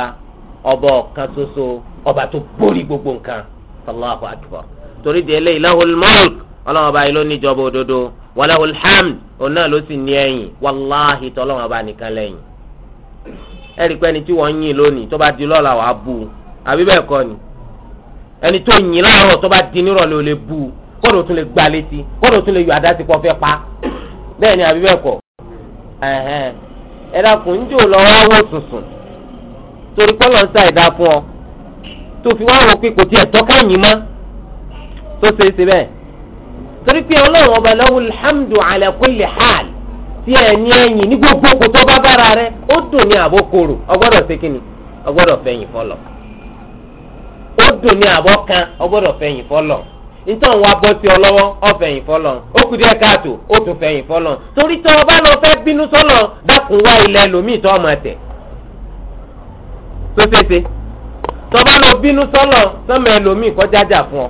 ọba ọ̀kan ṣoṣo ọba tó borí gbogbo nǹkan Allahu akbar torí di eléyìí lahul mulk ọlọ́run ọba yìí ló níjọba òdodo walahul hamd òun náà ló sì ní ẹ̀yìn wàláhì tọ́lọ́run ọba nìkan lẹ́yìn ẹ̀rí pé ẹni tí wọ́n ń yìn lónìí tó bá di lọ́la wàá bu àbí bẹ́ẹ̀ kọ́ ni ẹni tó yìn láàárọ̀ tó bá di nírọ̀lẹ́ lè bu kódò tún lè gbá létí kódò tún lè yọ àdá sí fẹ́ pa bẹ́ẹ̀ ni àbí bẹ́ẹ̀ kọ́ ẹ dákun ń jò torí pọ́lọ́ ń sa fún ọ tó fi wá wọ pé kò tọ́ka mọ́ tó ṣe é ṣe bẹ́ẹ̀ torí pé ọlọ́run ọba lọ́wọ́ alhamdu ala tí ní ẹ̀yìn ní gbogbo kò tó bá bára rẹ ó dùn ní ọgbọ́dọ̀ ṣe kíni ọgbọ́dọ̀ nítorí wọn abọ́ sí ọ lọ́wọ́ ọ̀fẹ̀yìn fọlọ́n ó kù díẹ̀ káàtó ó tún fẹ̀yìn fọlọ́n torí tọ́ ọba lọ fẹ́ bínú sọ́lọ̀ dákun wá ilẹ̀ lòmíì tọ́ ọmọ tẹ̀ tó ṣeéṣe tọ́ba lọ bínú sọ́lọ̀ sọ́mọ ẹlòmíì kọjá jà fún ọ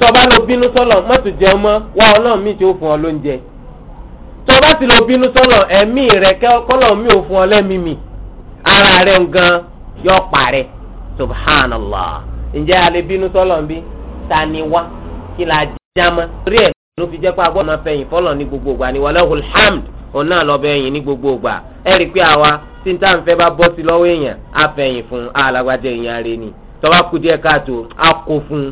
tọ́ba lọ bínú sọ́lọ̀ mọ́tò jẹun mọ́ wá ọlọ́run míì tí fún ọ lóúnjẹ tọ́ba sì lọ bínú sọ́lọ̀ ẹ̀mí rẹ kọ́lọ̀ mi ò fún ọ lẹ́mìmì ara rẹ gan subhanallah ǹjẹ́ a lè bínú taniwa kila wá kí la já torí ẹ̀ ló fi jẹ́ pé agbọ́dọ̀ máa fẹ̀yìn ní gbogbo ni walahul hamd òun náà lọ́ọ́ bẹ̀yìn ní gbogbo ìgbà ẹ̀ rí i pé àwa tí n táà ń fẹ́ bá bọ́ sí lọ́wọ́ èèyàn á fẹ̀yìn fún alágbájá èèyàn rẹ ni tó bá díẹ̀ káàtó á kó fún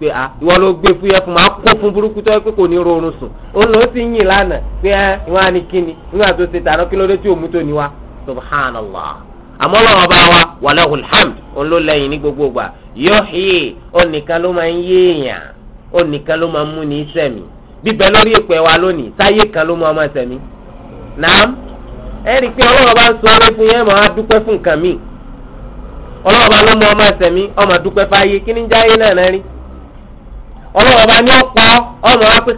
pé a ìwọ ló gbé fúyẹ́ fún kó fún burúkú pé kò ní sùn òun ló yìn lánàá pé ẹ ìwọ àmọ́ lọ́wọ́ bá wa walahul hamd òun ló ní gbogbo gbà yuhyi onìkan ló máa ń yé èèyàn ló máa ń mú ní sẹ̀mí bíbẹ lórí wa lónìí táyé kan ló máa ma sẹ̀mí. nàám ẹ̀rí pé ọlọ́wọ́ bá ń sọ fún yẹn máa fún nǹkan bá ló ọmọ fáyé kí jáyé náà náà rí bá ní ọmọ kí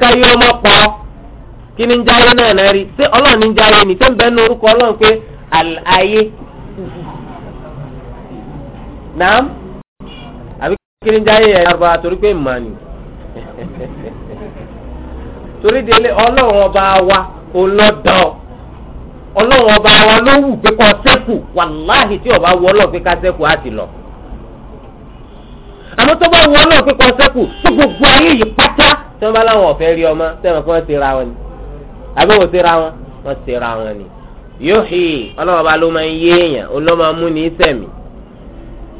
jáyé náà náà rí ní jáyé naam àbí kiri ń jáyé ẹ̀yà ọba torí pé mà ní ọba wa ọlọ́dọ̀ ọlọ́run ọba wa ló wù pé kọ́ ọba wọ ọlọ́ọ̀ ká ti lọ àmọ́ tó bá wọ ọlọ́ọ̀ pé kọ́ tó gbogbo ayé yìí pátá tí bá láwọn ti ra wọn ni àbí ọba ló máa ń yé èèyàn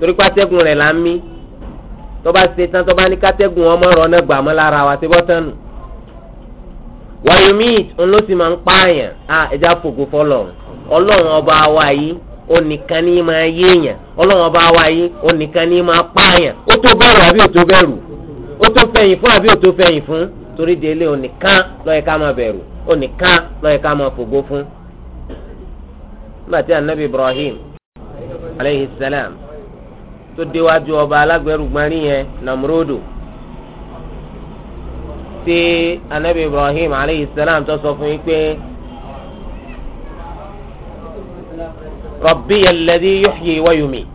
torí pé atẹ́gùn rẹ̀ là ń mí tọ́ba ṣe tán tọ́ba ní kátẹ́gùn ọmọ rọ̀ náà gbàmọ́ lára wa ṣe bọ́tán nù. wàyọ̀mí ló sì máa ń pààyàn à ẹja fògo fọlọ̀ ọlọ́run ọba wa yìí ó nìkan ní máa yéèyàn ọlọ́run ọba wa yìí ó nìkan ní máa pààyàn ó tó bẹ̀rù àbí ó tó bẹ̀rù ó tó fẹ̀yìn fún àbí ó tó fẹ̀yìn fún torí délé ó nìkan ló ká máa bẹ̀rù ó nìkan ló ká máa fògo fún. nígbà tí anabi Ibrahim aleyhi salam tó déwájú ọba alágbẹrùgbọ́nrí yẹn Namrodo tí anabi Ibrahim aleyhi salam tó sọ fún yín pé rabbi alladhi yuhyi wa yumit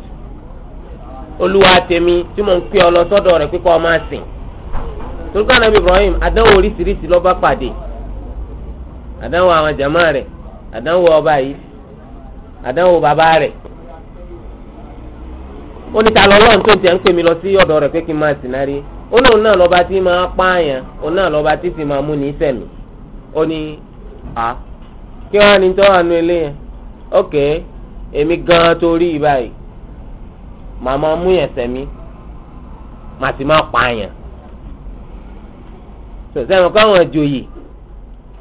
olúwa tèmi tí mò ń pè ọ lọ sọ́dọ̀ rẹ̀ pé kó o máa sìn torí ká anabi Ibrahim àdánwò oríṣiríṣi ló bá pàdé àdánwò àwọn jàmá rẹ̀ àdánwò ọba yìí àdánwò bàbá rẹ̀ ó ní ta lọ lọ́run tó ń tẹ̀ ń pè mí lọ sí ọ̀dọ̀ rẹ̀ pé kí n máa sìn náà rí ó lóun náà lọ́ba tí máa pààyàn òun náà lọ́ba tí sì máa mú ní sẹ̀mí ó ní à kí wọ́n á ní tó wà ilé yẹn ok èmi gan-an tó rí i báyìí màá máa mú yẹn sẹ̀mí màá sì máa pààyàn sọ̀sẹ́nu káwọn joyè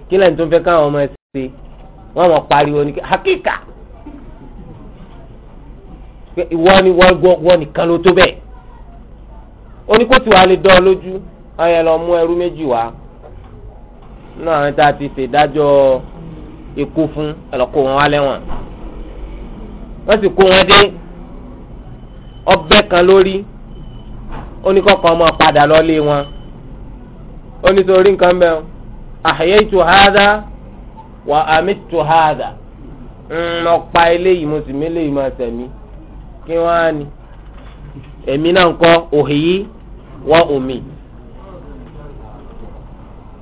kí lẹ́yìn tó ń fẹ́ káwọn ọmọ ẹ̀ ṣe wọ́n mọ̀ pariwo ní hakika pé ìwọ ni wọ́n nìkan ló tó bẹ́ẹ̀ oníkótó wa lè dán ọ lójú ọyàn lọ mú ẹrú méjì wá nínú àwọn tá a ti ṣèdájọ́ ikú fún ẹlọ́kọ́ wọn wá lẹ́wọ̀n wọ́n sì kó wọn dé ọbẹ̀ kan lórí oníkọ̀ọ̀kan ọmọ padà lọ́lé wọn onítorí nǹkan bẹ́ẹ̀ ahyaytu hadha wa amittu hadha ń mọ̀ pa eléyìí mo sì mí eléyìí máa tẹ̀mí. kí wọ́n á ní èmi náà ń kọ́ òhìyí wọ́n omi.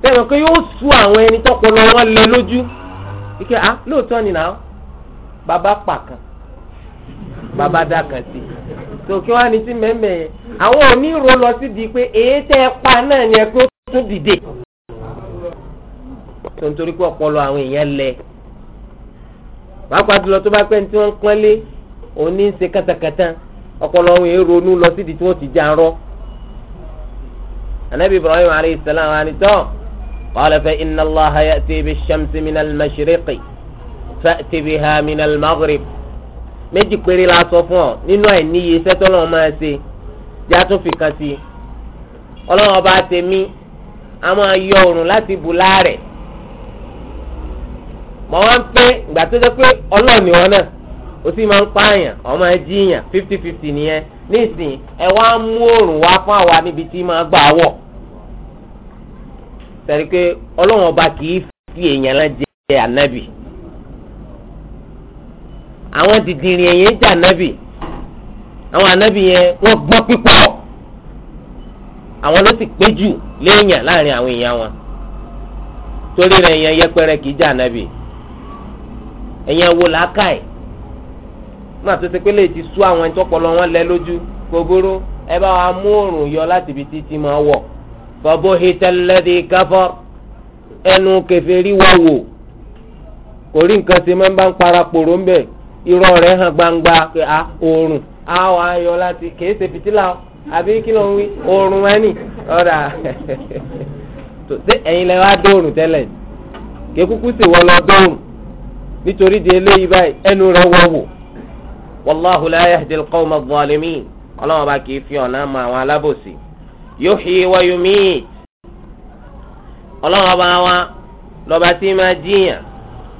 sẹ́yìn pé yóò su àwọn ẹni tọ́pọ̀lọ́ wọ́n lẹ lójú ike ah lóòótọ́ ni náà bàbá pàkàn bàbá dàkàn sí tó kí wọ́n á ní sí mẹ́mẹ́ yẹn àwọn lọ pa náà ni ẹ pé ó tún dìde. tó lẹ pàápàá jùlọ tó bá pẹ́ ní tí òun ní í ṣe kátàkátà ọpọlọ òun èé ronú lọ síbi tí wọ́n ti já rọ́ anabi ibrahim alayhi salam wa nitọ́ qala fa inna allaha ya'ti bish-shamsi min al-mashriqi fa'ti biha min al-maghrib méjì péré la sọ fún ọ nínú àìníye iṣẹ́ tọ́lọ́run máa ṣe já tún fi kan sí i ọlọ́run a máa yọ oòrùn láti bù láàrẹ̀ mọ̀ wá ń pẹ́ ìgbà pé ọlọ́ọ̀ni wọn náà ó sì máa ń pààyàn ọmọ ẹ jíyàn fifty fifty nìyẹn nísìnyí ẹ wá mú òòrùn wá fún àwa níbi tí máa gbà wọ̀ sẹ́ni pé ọlọ́run ọba kì í fi èèyàn lọ jẹ ànábì àwọn dìdìrín èèyàn jẹ ànábì àwọn ànábì yẹn wọ́n gbọ́ pípọ̀ àwọn ló sì pé jù léèyàn láàrin àwọn èèyàn wọn torí rẹ̀ èèyàn yẹpẹrẹ kì í jẹ ànábì èèyàn wo làákàyè. nígbà tó ṣe pé lè ti sú àwọn ẹni pọlọ wọn lẹ lójú kòbóró ẹ bá wa mú yọ láti ibi títí máa wọ̀ fọbó hitalẹ́dì káfọ́ ẹnu kẹfẹ́rí wà wò kò rí nǹkan ṣe máa ń bá ń para ń hàn gbangba pé a òòrùn a wà yọ láti kèé ṣe fìtílà àbí kí ló ń wí ọ̀rà ẹ̀yin tẹ́lẹ̀ sì wọ́ lọ nítorí di eléyìí báyìí ẹnu wàláhu la yahdil qawma zalimin ọlọ́wọ́n bá kì í fi ọ̀nà mọ àwọn alábòsí yuhyi wa yumiit ọlọ́wọ́n bá wa lọ́ba tí máa jíyàn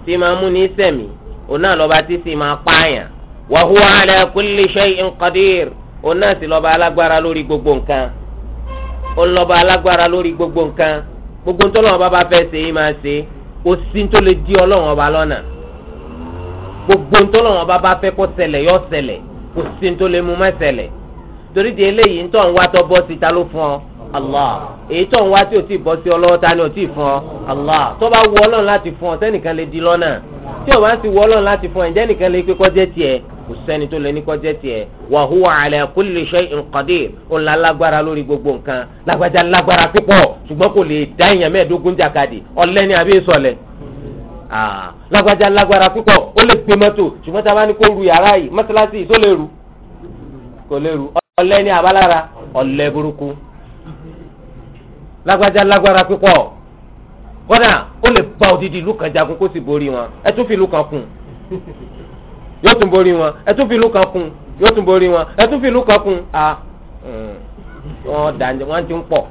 tí máa mú ní sẹ̀mí òun náà lọ́ba tí sì máa pààyàn wa huwa ala kulli shay'in qadir òun náà sì lọ́ba alágbára lórí gbogbo nǹkan òun alágbára lórí gbogbo nǹkan gbogbo ntọ́lọ́wọ́n bá fẹ́ ṣe é máa ṣe ó sí tó di ọlọ́wọ́n lọ́nà gbogbo ntọ́lọ́wọ́n bá bá fẹ́ kó ṣẹlẹ̀ yó ṣẹlẹ̀ kò sí ntọ́ lè mú má ṣẹlẹ̀ torí di eléyìí ntọ́ ń wá tọ́ bọ́ sí ta ló fún ọ allah èyí tó ń wá tí o ti bọ́ sí ọlọ́wọ́ ta ni o ti fún ọ allah tó bá wù Ọlọ́run láti fún ọ sẹ́nìkan lè di lọ́nà tí o bá sì wù Ọlọ́run láti fún ọ ǹjẹ́ nìkan lè pé kọ́jẹ́ tiẹ̀ kò sẹ́ni tó lè ní kọ́jẹ́ tiẹ̀ wa huwa ala kulli shay'in qadir ó la lágbára lórí gbogbo nǹkan lágbájá lágbára púpọ̀ ṣùgbọ́n kò lè dá èèyàn jàkadì ọ̀lẹ́ni àbí ìsọ̀lẹ̀ Ah, lágbájá lágbára púpọ̀ ó lè gbé mọ́tò ṣùgbọ́n tá a bá ní kó ru yàrá yìí mọ́sálásí yìí tó lè ru kò lè ru ọ̀lẹ ní abálára ọ̀lẹ burúkú lágbájá lágbára púpọ̀ kódà ó lè bá odidi ìlú kan jagun kó sì borí wọn ẹ tún fi ìlú kan kún yóò tún borí wọn ẹ tún fi ìlú kan kún yóò tún borí wọn ẹ tún fi ìlú kan kún a ah, mm, wọn dàn wọn ti ń pọ̀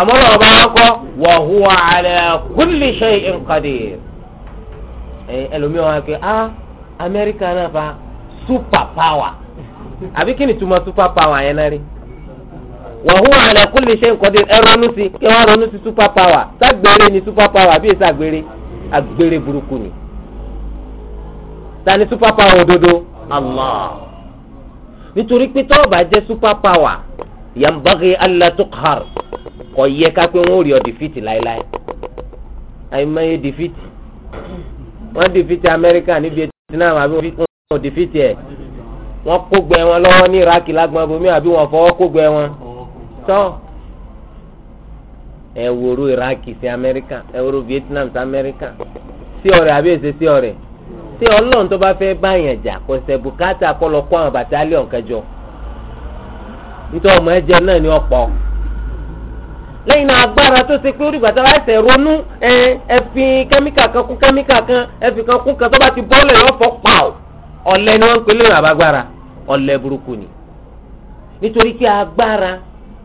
àmọ́ lọ́wọ́ bá wọn kọ́ wa huwa ala kulli shay'in qadir ẹlòmíràn wọn kẹ́ ah amẹ́ríkà náà fa super power àbí kí ni túmọ̀ super power yẹn náà rí wa huwa ala kulli shay'in qadir ẹ sí kí wọ́n ronú sí super power ságbére ni super power bí èsì àgbére àgbére burúkú ni tani super power òdodo allah nítorí pé tọ́ọ̀bà jẹ́ super power yambagi alatukhar kò yẹ ká pé wọn ò rí ọ dìfìtì láéláé àìmọye dìfìtì wọn dìfìtì amẹ́ríkà níbi vietnam àbí wọn dìfìtì ẹ̀ wọn kó gbẹ wọn lọ́wọ́ ní iraki lágbọn bomi àbí wọn fọwọ́ kó gbẹ wọn tọ́ ẹ wòrò iraki sí amẹ́ríkà ẹ wòrò vietnam sí amẹ́ríkà sí ọ̀rẹ́ àbí èsè sí ọ̀rẹ́ tí ọlọ́run tó bá fẹ́ báyàn jà kò sẹ̀ bùkátà kọ́ lọ kó àwọn bàtálíọ̀n kẹjọ nítorí ọmọ ẹ̀jẹ̀ náà ni ọ̀pọ̀ lẹ́yìn náà agbára tó ṣe pé orígbà tá a bá ṣe ronú ẹ fi kẹ́míkà kan kún kẹ́míkà kan ẹ fi kan kún kan tó bá ti bọ́ọ̀lù ẹ̀rọ fọ́ pàù ọ̀lẹ ni wọ́n ń pè lóyún àbágbára ọ̀lẹ burúkú ni nítorí pé agbára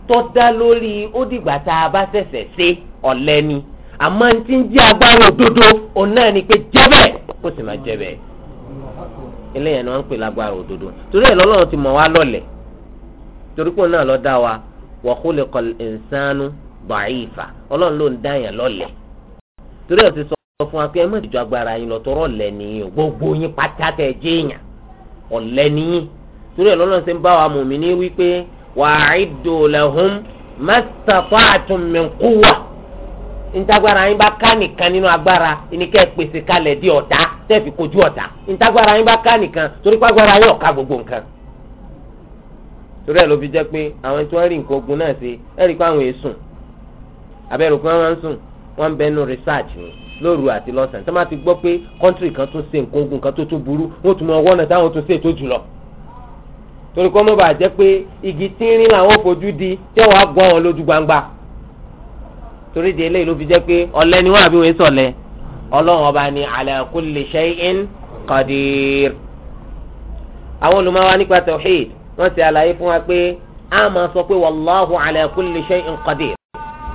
tó dá lórí ó tá a bá ṣẹ̀ṣẹ̀ ṣe ọ̀lẹ ni àmọ́ ní ti ń jẹ́ agbára òdodo òun náà ni pé jẹ́bẹ̀ kó sì máa jẹ́bẹ̀ eléyàn ni ń pè insanu bàáyìfà ọlọ́run ló ń dáyàn lọ́lẹ̀ torí ẹ̀ ti sọ fún wa pé ẹ má agbára yín tọrọ lẹ nìyí gbogbo yín pátá tẹ̀ ọ̀lẹ́ nìyí torí ẹ̀ ṣe ń bá wa ní wípé wa'iddu lahum mastata'tum ntagbara yín bá ká nìkan nínú agbára ìníkẹ́ pèsè kalẹ̀ di ọ̀tá ntagbara yín bá ká nìkan torí pàgbára yín ọ̀ka gbogbo nǹkan. torí ló jẹ́ pé abẹ́rù kan máa ń sùn wọ́n ń bẹnu research ni lóru àti lọ́sàn-án tí wọ́n bá ti gbọ́ pé kọ́ńtírì kan tún ṣe nǹkan ogun kan tó tún burú wọ́n tún mọ ọwọ́ náà táwọn tún ṣe tó jùlọ torí kọ́ mọ́ bàa jẹ́ pé igi tínrín làwọn fojú di tí wọ́n á gbọ́ àwọn lójú gbangba torí di eléyìí ló fi jẹ́ pé ọ̀lẹ ni wọ́n àbí wọ́n sọ̀lẹ̀ ọlọ́run ọba ni ala kulli shay'in qadir. àwọn olùmọ̀wá nípa tawhid wọ́n ti àlàyé fún wa pé a máa sọ pé wallahu ala kulli shay'in qadir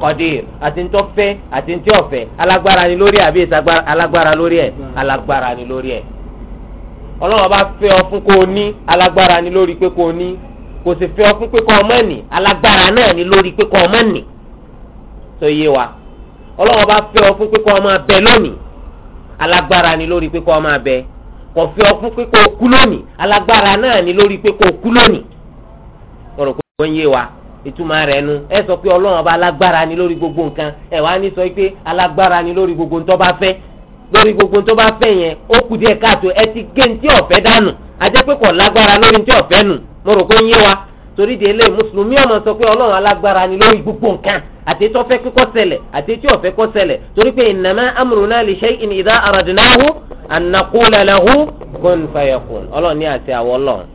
qadir àti ntọ́ fẹ́ àti ntí ọ̀fẹ́ alágbára ni lórí àbí ìsagbára alágbára lórí ẹ̀ alágbára ni lórí ẹ̀ ọlọ́wọ́n bá fẹ́ ọ fún kó o ní alágbára ni lórí pé kó o ní kò sì fẹ́ ọ fún pé kó o mọ̀ ní alágbára náà ni lórí pé kó o mọ̀ ní tó yé wa ọlọ́wọ́n bá fẹ́ ọ fún pé kó o máa bẹ lónìí alágbára ni lórí pé kó o máa bẹ kò fẹ́ ọ fún pé kó o kú lónìí alágbára náà ni lórí pé kó o kú lónìí mo rò ń yé wa ìtumọ̀ rẹ̀ nu ẹ sọ pé ọlọ́run ọba alágbára ni lórí gbogbo nǹkan ẹ wá ní sọ pé alágbára ni lórí gbogbo ntọ́ bá fẹ́ lórí gbogbo ntọ́ bá fẹ́ yẹn ó kù díẹ̀ káàtó ẹ ti gé ntí ọ̀fẹ́ dànù ajẹ́ pé kò lágbára lórí ntí ọ̀fẹ́ nù mo rò pé ń yé wa torí de ilé mùsùlùmí ọmọ sọ pé ọlọ́run alágbára ni lórí gbogbo nǹkan àti tó fẹ́ kó ṣẹlẹ̀ àti tí torí pé innama amruna li shay'in idha aradnahu an naqula lahu kun fayakun ọlọ́run ní àti àwọ̀ ọlọ́run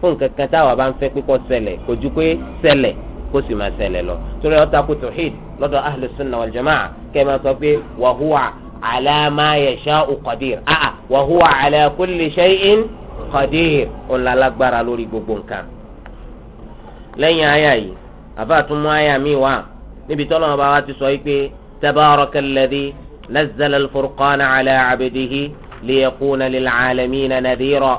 fún nǹkan táwa bá ń fẹ́ kó ṣẹlẹ̀ kò pé ṣẹlẹ̀ kó sì máa ṣẹlẹ̀ lọ torí ọ̀tá kò tawhid lọ́dọ̀ ahlu sunna wal jamaa kẹ́ máa sọ pé wa huwa ala ma yasha'u qadir a wa huwa ala kulli shay'in qadir la lágbára lórí gbogbo nǹkan. lẹ́yìn àyà yìí àbá tún mú àyà mi wá níbi tọ́lọ́ bá wa ti sọ yìí pé tabarakalladhi nazzala al furqan ala abidihi liyakuna lil lil'alamina nadhira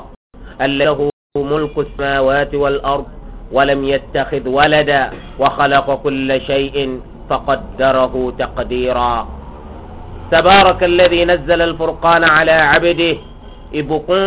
allahu mulku as-samawati wal-ard ولم يتخذ ولدا وخلق كل شيء فقدره تقديرا تبارك الذي نزل الفرقان على عبده ìbùkún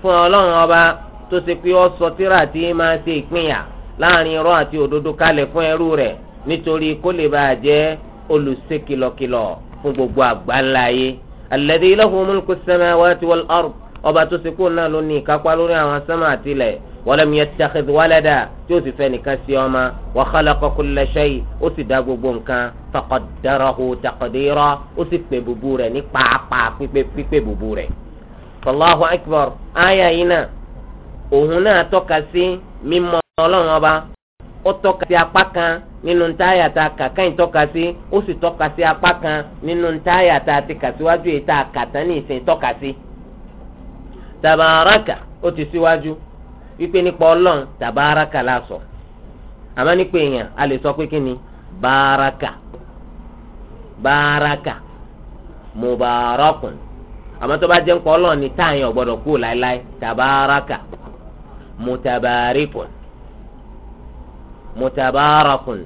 fún ọlọ́run ọba tó ti pé ó sọ tírà tí máa ṣe ìpínyà láàrin irọ́ àti òdodo kalẹ̀ fún ẹrú rẹ̀ nítorí kó lè bá a jẹ́ olùṣe kìlọ̀kìlọ̀ fún gbogbo àgbáńlá ayé alladhi lahu mulku samawati wal ard ọba tó ti kó náà ló ní ìkápá lórí àwọn sánmà àtilẹ̀ walam yattakhidh walada tí ó sì fẹ́ nìkan sí ọmọ wa khalaqa kulla shay ó sì dá gbogbo nǹkan faqaddarahu taqdira ó sì pè bùbù rẹ̀ ní pàápàá pípé bùbù rẹ̀. Allahu akbar aya yìí náà òun náà tọ́ka sí mímọ̀ ọlọ́run ọba ó tọ́ka sí apá kan nínú ntáyà tá a kà káyìn sí ó sì tọ́ka sí apá kan nínú ntáyà tá ti kà yìí tá a ní ìsìn tọ́ka sí. tabaraka ó ti síwájú. Si wípé nípa ọlọ́run tàbáraka la sọ àmọ́ nípa èèyàn a lè sọ pé kí ni báraka báraka mubarakun àmọ́ tó bá jẹ́ nípa ọlọ́run ni táyàn gbọ́dọ̀ kú láéláé tàbáraka mutabarikun mutabarakun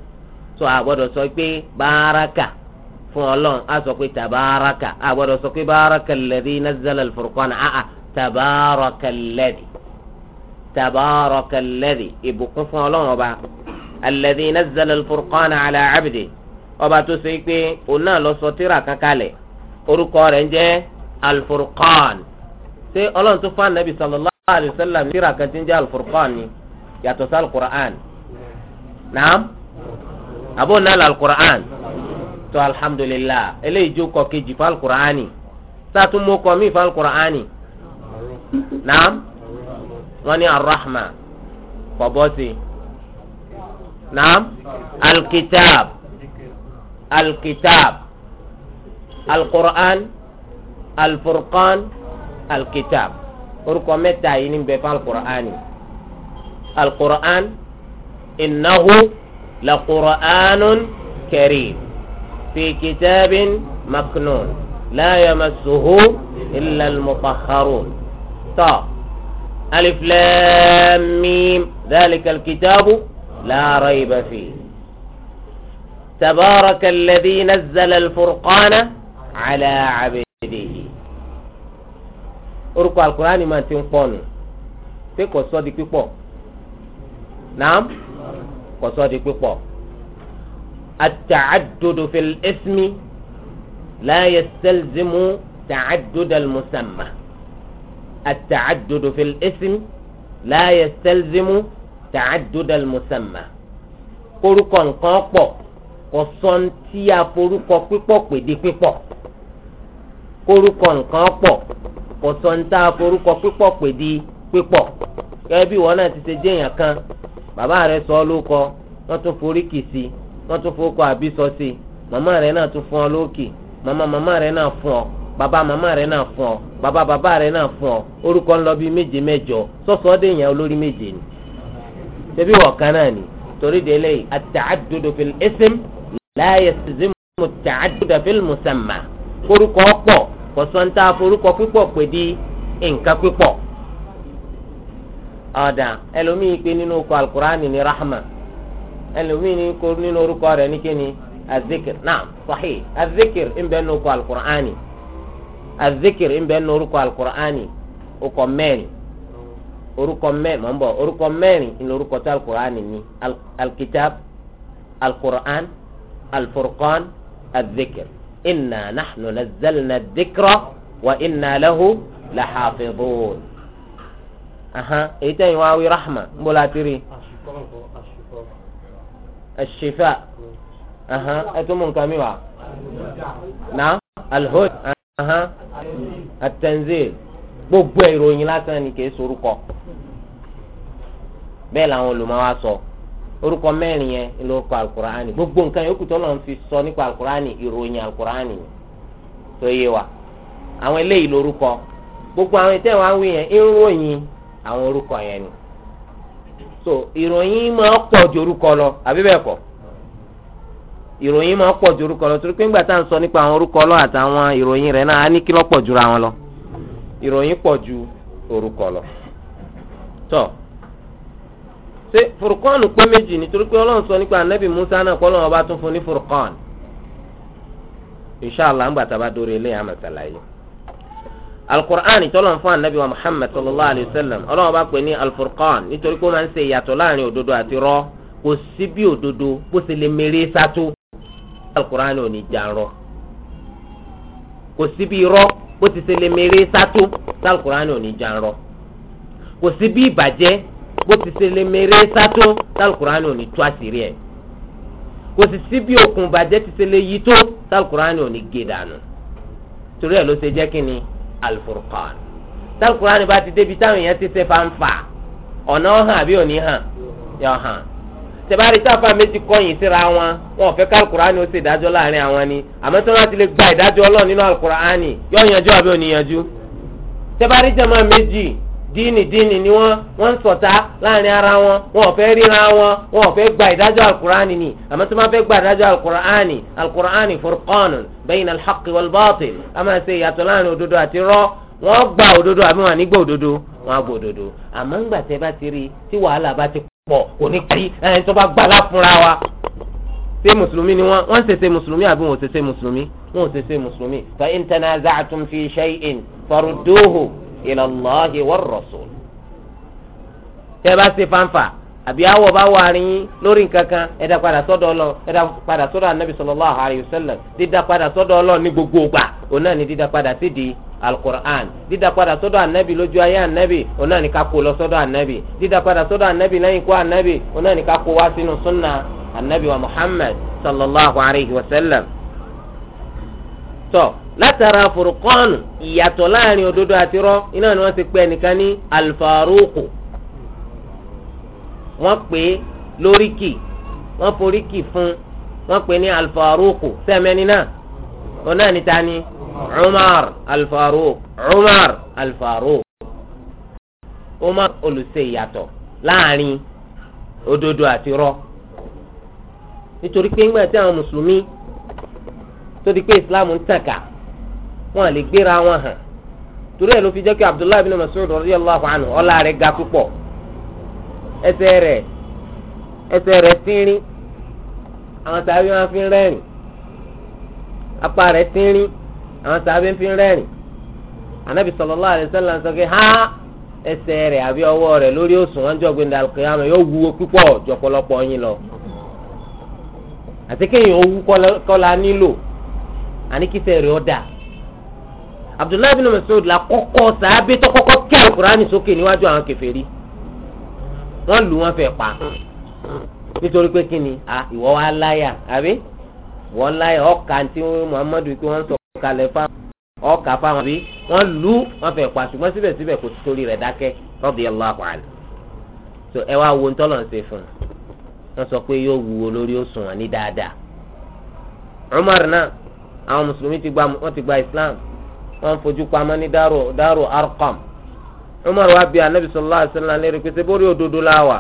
tó a gbọ́dọ̀ sọ pé báraka fún ọlọ́run a sọ pé tabaraka a gbọ́dọ̀ sọ pé báraka alladhi nazzala al-furqana àà tabaraka alladhi tabaraka alladhi ìbùkún fún ọlọ́run ọba alladhi nazzala al-furqana ala abdi ọba tó ṣe pé òun náà lọ sọ tírà kan kalẹ̀ orúkọ rẹ̀ ń jẹ́ al-furqan ṣé ọlọ́run tó fún anabi sallallahu alayhi wa sallam tírà kan ti ń jẹ́ al-furqan ni yàtọ̀ sí al-qur'an naam àbò nàlà al-qur'an tó alhamdulilah eléyìí jókòó kejì fún al-qur'ani sátúmọ̀ kọ́ mi fún al-qur'ani naam. wọ́n ní arahma kò bọ́ sí naam alkitab alkitab alqur'an alfurqan alkitab orúkọ mẹ́ta yìí ní bẹ́ẹ̀ fún alqur'ani alqur'an innahu laqur'anun karim fi kitabin maknun la yamassuhu ilal almutahharun tọ́. So, ألف لام ميم ذلك الكتاب لا ريب فيه تبارك الذي نزل الفرقان على عبده أرقى القرآن ما تنقون تكو صديق بو نعم صديق بو التعدد في الاسم لا يستلزم تعدد المسمى التعدد في الاسم لا يستلزم تعدد المسمى orúkọ nǹkan pọ̀ kò sọ a forúkọ pípọ̀ pè di pípọ̀ orúkọ nǹkan pọ̀ kò a forúkọ pípọ̀ pè di pípọ̀ bí ìwọ náà ti ṣe jẹ́ kan bàbá rẹ sọ ọ́ ló tún forí kì sí wọ́n tún forúkọ àbí sọ sí màmá rẹ náà tún fún ọ lókì màmá màmá rẹ náà fún ọ bàbá màmá rẹ náà fún ọ bàbá bàbá rẹ náà fún ọ orúkọ ńlọ bíi méje mẹ́jọ sọsọ dèèyàn olórí méje ni ṣebí wọ kan náà ni torí délé at-ta'addudu fil ism la yaszimu at-ta'adduda fil musamma korúkọ kọsọńtà forúkọ pípọ̀ pè di nǹkan pípọ̀ ọ̀dà ẹlòmíì pé nínú ọkọ̀ alukur'ani ni rahma ẹlòmíì nínú orúkọ rẹ̀ ní kíni azikir naam sahih azikir ń bẹ nínú ọkọ̀ alukur'ani. azikir ń bẹ ní orúkọ alukur'ani orúkọ mẹ́rin orúkọ mẹ́rin mọ̀ ń bọ̀ orúkọ mẹ́rin ní orúkọ tí alukur'ani ní alkitab alukur'an alfurqan azikir inna nahnu nazzalna dikra wa inna lahu lahafidun. èyí tẹ́yìn wá wí rahma ń bọ̀ láti rí ashifa ẹ tún mú nǹkan mi wá na alhud. atẹnzil gbogbo ẹ ìròyìn lásán ni kìí sorúkọ bẹ́ẹ̀ làwọn olùmọ̀ wa sọ orúkọ mẹ́rin yẹn lórúkọ alukurani gbogbo nǹkan yòókù tó lọ́n fi sọ nípa alukurani ìròyìn alukurani tó yé wa àwọn eléyìí lórúkọ gbogbo àwọn ìtẹ́ wọn wí yẹn ìròyìn àwọn orúkọ yẹn ni so ìròyìn máa pọ̀ ju orúkọ lọ àbí bẹ́ẹ̀ kọ́ ìròyìn máa pọ̀ ju orúkọ lọ torí pé ńgbà tá à ń sọ nípa àwọn orúkọ lọ àtàwọn ìròyìn rẹ̀ náà á ní kí lọ́ pọ̀ jura wọn lọ ìròyìn pọ̀ ju orúkọ lọ. tọ́ ṣé furukọ́ọ̀nù pé méjì nítorí pé ọlọ́run sọ nípa anabi musa náà kọ́ lọ́wọ́ bá tún fún ní furukọ́ọ̀nù inshallah ńgbà tá a bá dórí eléyà àmàtàlá yìí alukur'an tọ́lọ̀n fún anabi wa muhammad sallallahu alayhi wa sallam ọlọ́run bá pè ní alfurqan nítorí pé ó máa ń ṣe ìyàtọ̀ láàrin òdodo àti rọ́ kò sí bí òdodo bó ṣe lè mèrè sátó alukur'an ò ní jarọ kò síbi irọ́ bó ti ṣe lè mèrè sátó alukur'an ò ní jarọ kò síbi ìbàjẹ́ bó ti ṣe lè mèrè sátó alukur'an ò ní tú àṣírí ẹ̀ kò sì síbi òkun ìbàjẹ́ ti ṣe lè yí tó alukur'an ò ní gé dànù torí ẹ̀ ló ṣe jẹ́ kí ni alfurqan alukur'an bá ti débi táwọn èèyàn ti ṣe fanfa ọ̀nà ọ̀hàn àbí òní hàn yọ̀ hàn tẹ̀bárí sáfà méjì kọ́yìn síra wọn wọn ò fẹ́ ká alukur'ani ó ṣe ìdájọ́ láàrin àwọn ni àmọ́ tí wọ́n ti lè gba ìdájọ́ Ọlọ́run nínú alukur'ani yóò yanjú àbí ò ní yanjú. tẹ̀bárí jama méjì díìnì díìnì ni wọ́n wọ́n ń ṣọ̀tá láàrin ara wọn wọn ò fẹ́ ríra wọn wọn ò fẹ́ gba ìdájọ́ alukur'ani ni àmọ́ tí wọ́n fẹ́ gba ìdájọ́ alukur'ani alukur'ani furqanun bayna alhaqqi wal batil àmọ́ ṣe wọ́n gba òdodo àbí wọn ànígbà òdodo wọn àgbà òdodo àmọ́ ńgbà tẹ́ bá ti rí tí wàhálà bá ti pọ̀ kò ní kí ẹni tó bá gbàlá fúnra wa ṣé mùsùlùmí ni wọ́n wọ́n ṣẹ̀ṣẹ̀ mùsùlùmí àbí wọ́n ṣẹ̀ṣẹ̀ mùsùlùmí wọ́n ṣẹ̀ṣẹ̀ mùsùlùmí fa in tanaza'tum fi shay'in farudduhu ila Allahi war rasul. tẹ́ bá ṣe fanfa àbí awọ bá wà rìn lórí nǹkankan ẹ̀dá padà sọ́dọ̀ Ọlọ́run ẹ̀dá padà sọ́dọ̀ anabi sallallahu alayhi wa dídá padà sọ́dọ̀ Ọlọ́run ní gbogbo ìgbà òun náà ní dídá padà sídìí alukur'an dídá padà sọ́dọ̀ anabi lójú ayé anabi òun náà ní ká kó lọ sọ́dọ̀ anabi dídá padà sọ́dọ̀ anabi lẹ́yìn kó anabi òun náà ní ká kó wá sínú sunna anabi wa muhammad sallallahu alayhi wa sallam. tọ́ látara furukọ́ọ̀nù ìyàtọ̀ láàrin òdodo àti rọ́ iná ni wọ́n ti pè ẹnìkan ní alfaruku wọ́n pè é lóríkì wọ́n foríkì fún wọ́n pè ní alfaruku sẹ́mẹ́ni náà òun náà ta ni. عمر الفاروق عمر الفاروق عمر olùṣe ìyàtọ̀ láàrin òdodo àti rọ́ nítorí pé ńgbà tí àwọn mùsùlùmí tó di pé islam ń tàn ká wọn lè gbéra wọn hàn torí ẹ̀ ló fi jẹ́ kí abdullahi bin mas'ud radiyallahu anhu ọlá rẹ̀ ga púpọ̀ ẹsẹ̀ rẹ̀ ẹsẹ̀ rẹ̀ tínrín àwọn tàbí wọn fi rẹ́rìn apá rẹ̀ tínrín àwọn sábẹ́ ń fi rẹ́rìn anabi sallallahu alaihi wasallam sọ pé ha ẹsẹ̀ rẹ̀ àbí ọwọ́ rẹ̀ lórí òsùn wọn jọ gbẹndà kìlámù yóò wúwo púpọ̀ jọpọlọpọ yín lọ àti kéèyàn owú kọlá nílò àní rẹ̀ ọ dà abdullahi bin masoud la kọ́kọ́ sábẹ́ tó kọ́kọ́ kí alukurani sókè níwájú àwọn kèfèrí wọ́n lù wọ́n fẹ́ pa nítorí pé kí ni ìwọ wa láyà àbí wọ́n láyà ọkà kalẹ̀ fáwọn ọkà fáwọn bí wọ́n lù wọ́n fẹ́ pa ṣùgbọ́n síbẹ̀síbẹ̀ kò torí rẹ̀ dákẹ́ radiyallahu anhu. so ẹ wá wo ntọ́lọ̀ ń ṣe fún un wọ́n sọ pé yóò wúwo lórí òṣùwọ̀n ní dáadáa. Umar náà àwọn mùsùlùmí ti gba wọ́n ti gba Islam wọ́n ń fojú pamọ́ ní dárò dárò Arqam. Umar wa bí anabi sallallahu alaihi wasallam lérè pé sebórí òdodo la wà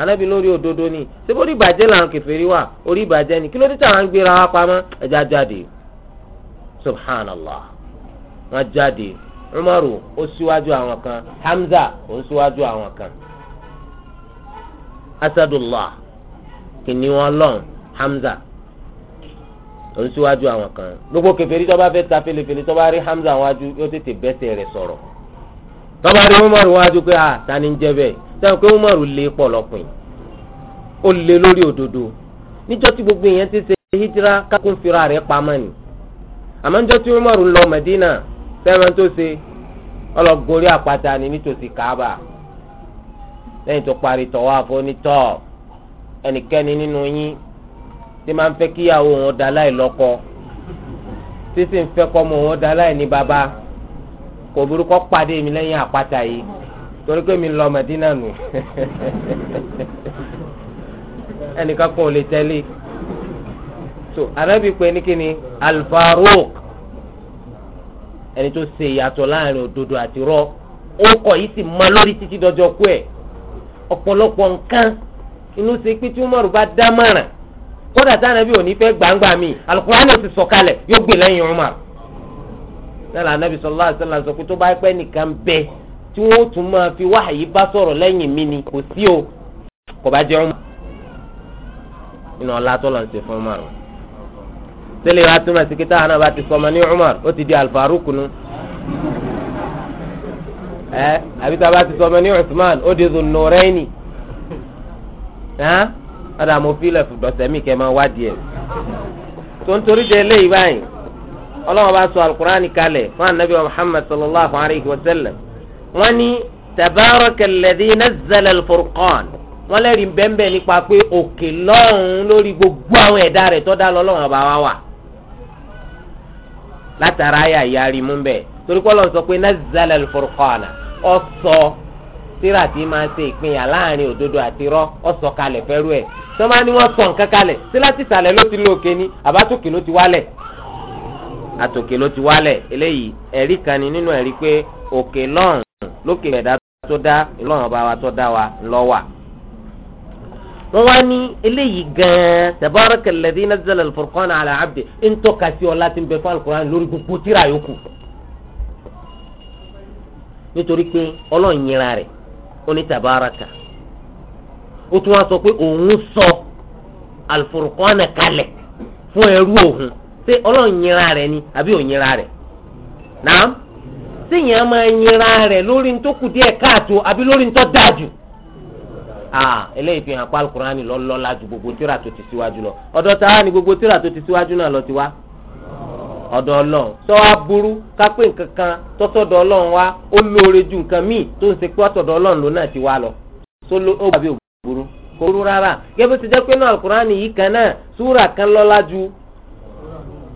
anabi lórí òdodo ni sebórí ìbàjẹ́ làwọn kèfèrí wà orí ìbàjẹ́ ni kí ló dé táwọn gbéra wa pamọ́ ẹja jáde subhanallah wọ́n jáde umaru ó síwájú àwọn kan hamza ó síwájú àwọn kan asadullah kìnìún ọlọ́run hamza ó síwájú àwọn kan gbogbo kèfèrí tó bá fẹ́ ta felefele tó bá rí hamza wájú yóò tètè bẹ́sẹ̀ rẹ̀ sọ̀rọ̀ tó bá rí umaru wájú pé ah ta ni ń jẹ́ bẹ́ẹ̀ sẹ́wọ̀n pé umaru lé pọ̀lọ́pìn ó lé lórí òdodo níjọ́ tí gbogbo èèyàn ti ṣe hijira kákún fira rẹ̀ pamọ́ ni àmọ́njọ́ tí Umaru ń lọ Madina sẹ́wọ́n tó ṣe ọlọ́górí àpáta ni nítòsí Kaaba lẹ́yìn tó parí tọ́wọ́ àfonítọ́ ẹnikẹ́ni nínú yín tí máa ń fẹ́ kíyàwó wọn da láì lọ́kọ tí sì ń fẹ́ kọ́mọ wọn da láì ní bàbá kò burúkọ pàdé mi lẹ́yìn àpáta yìí torí pé mi lọ Madina nù ẹnìkan kan lè tẹ́lẹ̀ so anabi pé ní kíni alfaruk ẹni tó ṣe ìyàtọ̀ láàrin òdodo àti rọ ó kọ yìí sì mọ lórí títí dọjọ́ kú ẹ̀ ọ̀pọ̀lọpọ̀ nǹkan inú ṣe pé tí umaru bá dá mọ̀ràn kódà táwọn ẹbí ò ní fẹ́ gbangba mi alukurani ti sọ̀kalẹ̀ yóò gbé lẹ́yìn umaru nílà anabi sọlá àṣẹlá sọ pé tó bá pẹ́ nìkan bẹ tí wọ́n tún máa fi wáhàyí bá sọ̀rọ̀ lẹ́yìn mi ni kò sí o kò bá jẹ́ umaru nínú ọlá tó lọ́n ṣe fún umaru tẹ́lẹ̀ wàá túmọ̀ sí kíta àná bá ti sọmọ ní Umar ó ti di alfaruk nu ẹ àbí tá a bá ti sọmọ ní Usman ó di zunuraini hàn ọ̀dà mo fi lẹ̀ fìdọ̀sẹ̀ mi kẹ́ máa wádìí ẹ̀ tó ń torí de léyìí báyìí ọlọ́wọ́n bá sọ alukur'ani kalẹ̀ fún anabi Muhammad sallallahu alayhi wa sallam wọ́n ní tabarakalladhi nazzala al-furqan wọ́n lẹ́rìí bẹ́ẹ̀ bẹ́ẹ̀ nípa pé òkè lọ́run lórí gbogbo àwọn ẹ̀dá rẹ̀ tó dá lọ́lọ́wọ́n bá wá wà látara ayé àyàrí mú bẹ́ẹ̀ torí kọ́ lọ́n sọ pé nazzala al-furqana ọ̀sọ́ síra tí máa ṣe ìpínyà láàrin òdodo àti irọ́ ọ̀sọ́ kalẹ̀ fẹ́rú ẹ̀ tí wọ́n wọ́n sọ nǹkan kalẹ̀ sí láti ló ti lé òkè ni àbátòkè ló ti wálẹ̀ àtòkè ló ti wálẹ̀ eléyìí ẹ̀rí kan ni nínú ẹ̀rí pé òkè lọ́run lókè ẹ̀dá tó dá ìlọ́run ọba wa tó dá wa lọ́wà wọ́n wá ní eléyìí gan-an tabaraka alladhi nazzala al-furqana ala abdi ń tọ́ka sí ọ láti bẹ fún alukur'an lórí gbogbo tíra yòókù nítorí pé ọlọ́run yẹra rẹ̀ ó ní tabaraka ó tún wá sọ pé òun sọ al kalẹ̀ fún ẹrú òun ṣé ọlọ́run rẹ̀ ni àbí òun rẹ̀ náà ṣé yẹn máa yẹra rẹ̀ lórí ntòkùdíẹ̀ káàtó àbí lórí ntòdájú. eléyìí fi hàn pa alukurani lọ́lọ́lá ju gbogbo tíra tó ti síwájú lọ ọdọ táwa ni gbogbo tíra tó ti síwájú náà lọ ti wá ọ̀dọ̀ ọlọ́run tó wá burú kápẹ́ nǹkan kan tọ́tọ̀dọ̀ ọlọ́run ó lóore ju nǹkan míì tó ń ṣe pé ọ̀tọ̀dọ̀ ọlọ́run ló náà ti wá lọ tó ló ó gbàgbé òbúrú kò burú rárá gẹ́gẹ́ ti jẹ́ pé náà alukurani yìí kan náà súra kan lọ́lá ju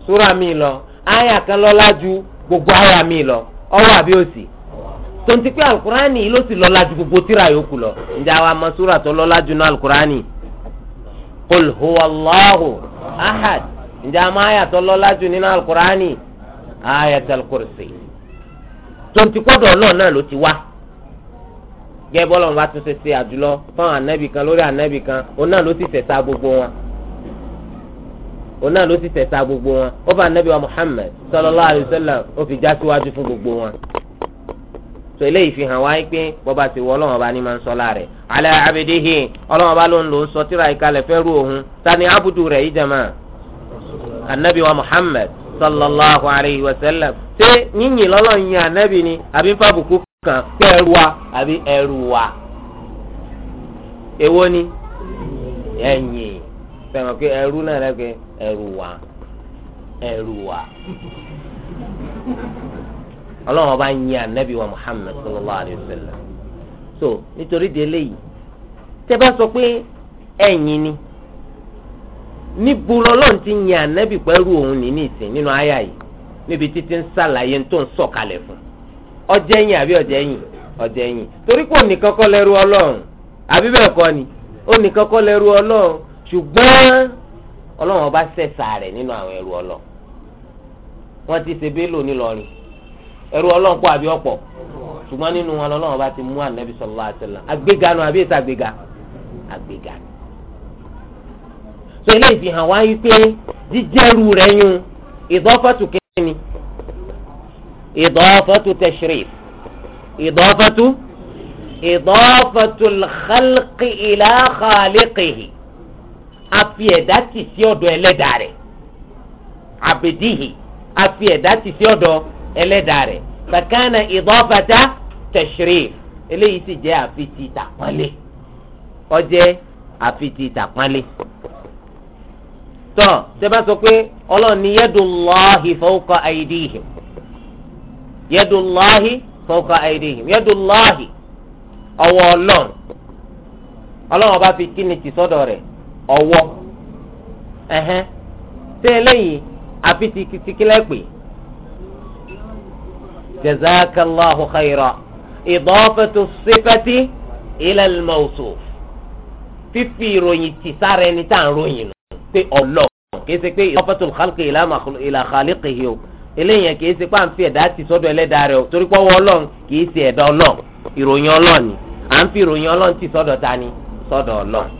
súra míì lọ àyà kan lọ́lá ju gbogbo àyà míì lọ ọwọ́ àbí òsì tonti pé alukurani ló sì lọ́la ju gbogbo tíra yòókù lọ ǹjẹ́ àwa mọ súra tó lọ́la ju náà alukurani qul huwa allahu ahad ǹjẹ́ àmọ́ àyà tó lọ́la ju nínú alukurani ayatul kursi tonti kọ́dọ̀ ọlọ́ọ̀ náà ló ti wá gẹ́gẹ́ bọ́lá wọn bá tún ṣe ṣe àjùlọ fún ànábì kan lórí ànábì kan òun náà ló sì tẹ̀sà gbogbo wọn òun náà ló sì tẹ̀sà gbogbo wọn ó bá ànábì wa muhammed sallallahu alayhi wa sallam ó fi já síwájú fún gbogbo wọn so eléyìí fi hàn wá pé bọ́ba ti wọ ọlọ́wọ́n bá ní máa ń sọ́lá rẹ̀ alẹ́ abidihi ọlọ́wọ́n bá ló ń lò ń sọ tíra ìkalẹ̀ fẹ́ ru òun tani abudu rẹ̀ ìjàmà anabi wa muhammad sallallahu alayhi wa sallam ṣé yínyìn lọ́lọ́ yin anabi ni àbí fàbùkù kan pé ẹrù wa àbí ẹrù wa èwo ni ẹ̀yìn fẹ́ràn pé ẹrù náà rẹ̀ pé ẹrù wa ẹrù wa. ọlọ́run ọba ń yin anabi wa muhammed sallallahu alayhi wa so nítorí di eléyìí bá sọ ni níbo lọ́lọ́run ti yin anabi pẹ̀lú òun ní nínú àyà yìí níbi títí ń tó fún àbí torí pé òní lẹ́rú ọlọ́run àbí bẹ́ẹ̀ kọ́ ni òní kọ́kọ́ lẹ́rú ọlọ́run ṣùgbọ́n ọlọ́run ọba ṣẹ̀ṣà rẹ̀ nínú àwọn ọlọ́run wọ́n ti ṣe ẹrú ọlọ́run pọ̀ àbí ọ̀pọ̀ ṣùgbọ́n nínú wọn lọ́lọ́run bá ti mú ànábì sallallahu alaihi wasallam àgbéga nu àbí ètò àgbéga àgbéga. sọ eléyìí fi hàn wáyé pé jíjẹ́rù rẹ̀ yún ìdọ́fẹ́tù kínní ìdọ́fẹ́tù tashrif ìdọ́fẹ́tù ìdọ́fẹ́tù al-khalqi ila àfi ẹ̀dá tì ọ̀dọ̀ ẹlẹ́dàá rẹ̀ àbèdíhì àfi ẹ̀dá tì ọ̀dọ̀ ẹlẹ́dàá rẹ̀ fàkànà ìdọ́fàtà tashrif eleyi si jẹ́ àfitì ìtàpọ́nlé ọjẹ́ àfitì ìtàpọ́nlé. Tọ tẹ́bá sọ pé ọlọ́run ní yadullahi fawqa aydihim yadullahi fawqa aydihim yadullahi ọwọ́ ọlọ́run ọlọ́run ọba fi kíni tì sọ́dọ̀ rẹ̀ ọwọ́ ẹ̀hẹ́n tẹ́ eléyìí àfitì kìtìkìlẹ̀ pè é. jazakallahu الله خيرا إضافة الصفة إلى الموصوف fífi ìròyìn tì sára ẹni tá à ń ròyìn nù pé ọlọ kìí ṣe pé idafatu al-khalqi ila khaliqihi o eléyìí kìí ṣe pé à ń fi ẹ̀dá ti sọ́dọ̀ ẹlẹ́dàá rẹ̀ o torí pé ọwọ́ ọlọ́run kìí ṣe ẹ̀dá ọlọ́run ìròyìn ọlọ́run à ń fi ìròyìn ọlọ́run tì sọ́dọ̀ ta ni sọ́dọ̀ ọlọ́run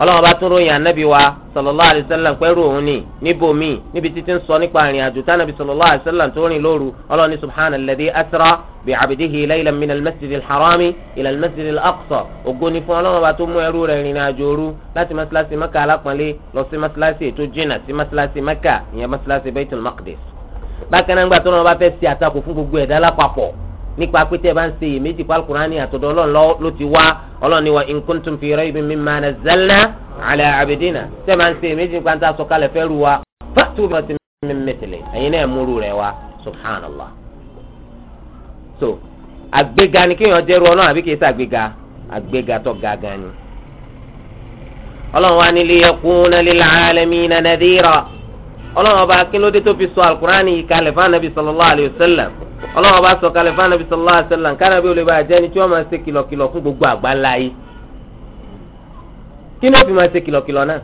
ọlọ́run bá tún ròyìn ànábì wa sallallahu alayhi wa sallam pẹ̀lú òun ni níbòmí níbi títí ń sọ nípa àrìn àjò tánàbí sallallahu alayhi wa sallam tó rìn lóru ọlọ́run ní subhana alladhi asra bi abdihi laylan min almasjid alharami ila almasjid alaqsa ògo ni fún ọlọ́run bá tó mú ẹrú rẹ̀ rìn àjò òru láti masalasi maka alápọ̀nlé lọ sí masalasi tó jìnnà sí masalasi maka ìyẹn masalasi baitul maqdis bákan náà gbà tó nípa pété ẹ bá ń ṣe iyèméjì pa alukurani àtọ̀dọ̀ ọlọ́run ló ti wá ọlọ́run ni wa in kuntum fi raybin mimma nazzalna ala abidina tẹ́ máa ń ṣe iyèméjì nípa níta sọ̀kalẹ̀ fẹ́ ru wa fatu bí wọ́n ti mímí mẹ́tẹ̀lẹ̀ ẹ̀yin náà múru rẹ̀ wá subhanallah. so àgbéga ni kéèyàn jẹ́rú ọlọ́run àbí kìí sàgbéga àgbéga tó ga gan ni. ọlọ́run wa ni liyakuna lil alamina ọlọ́wọ́ bá sọ kalẹ̀ fún anabi sallallahu alayhi wa sallam kánabi olè bá jẹ́ ni tí wọ́n máa ṣe kìlọ̀kìlọ̀ fún gbogbo àgbáńlá yìí kí ni ó fi máa ṣe kìlọ̀kìlọ̀ náà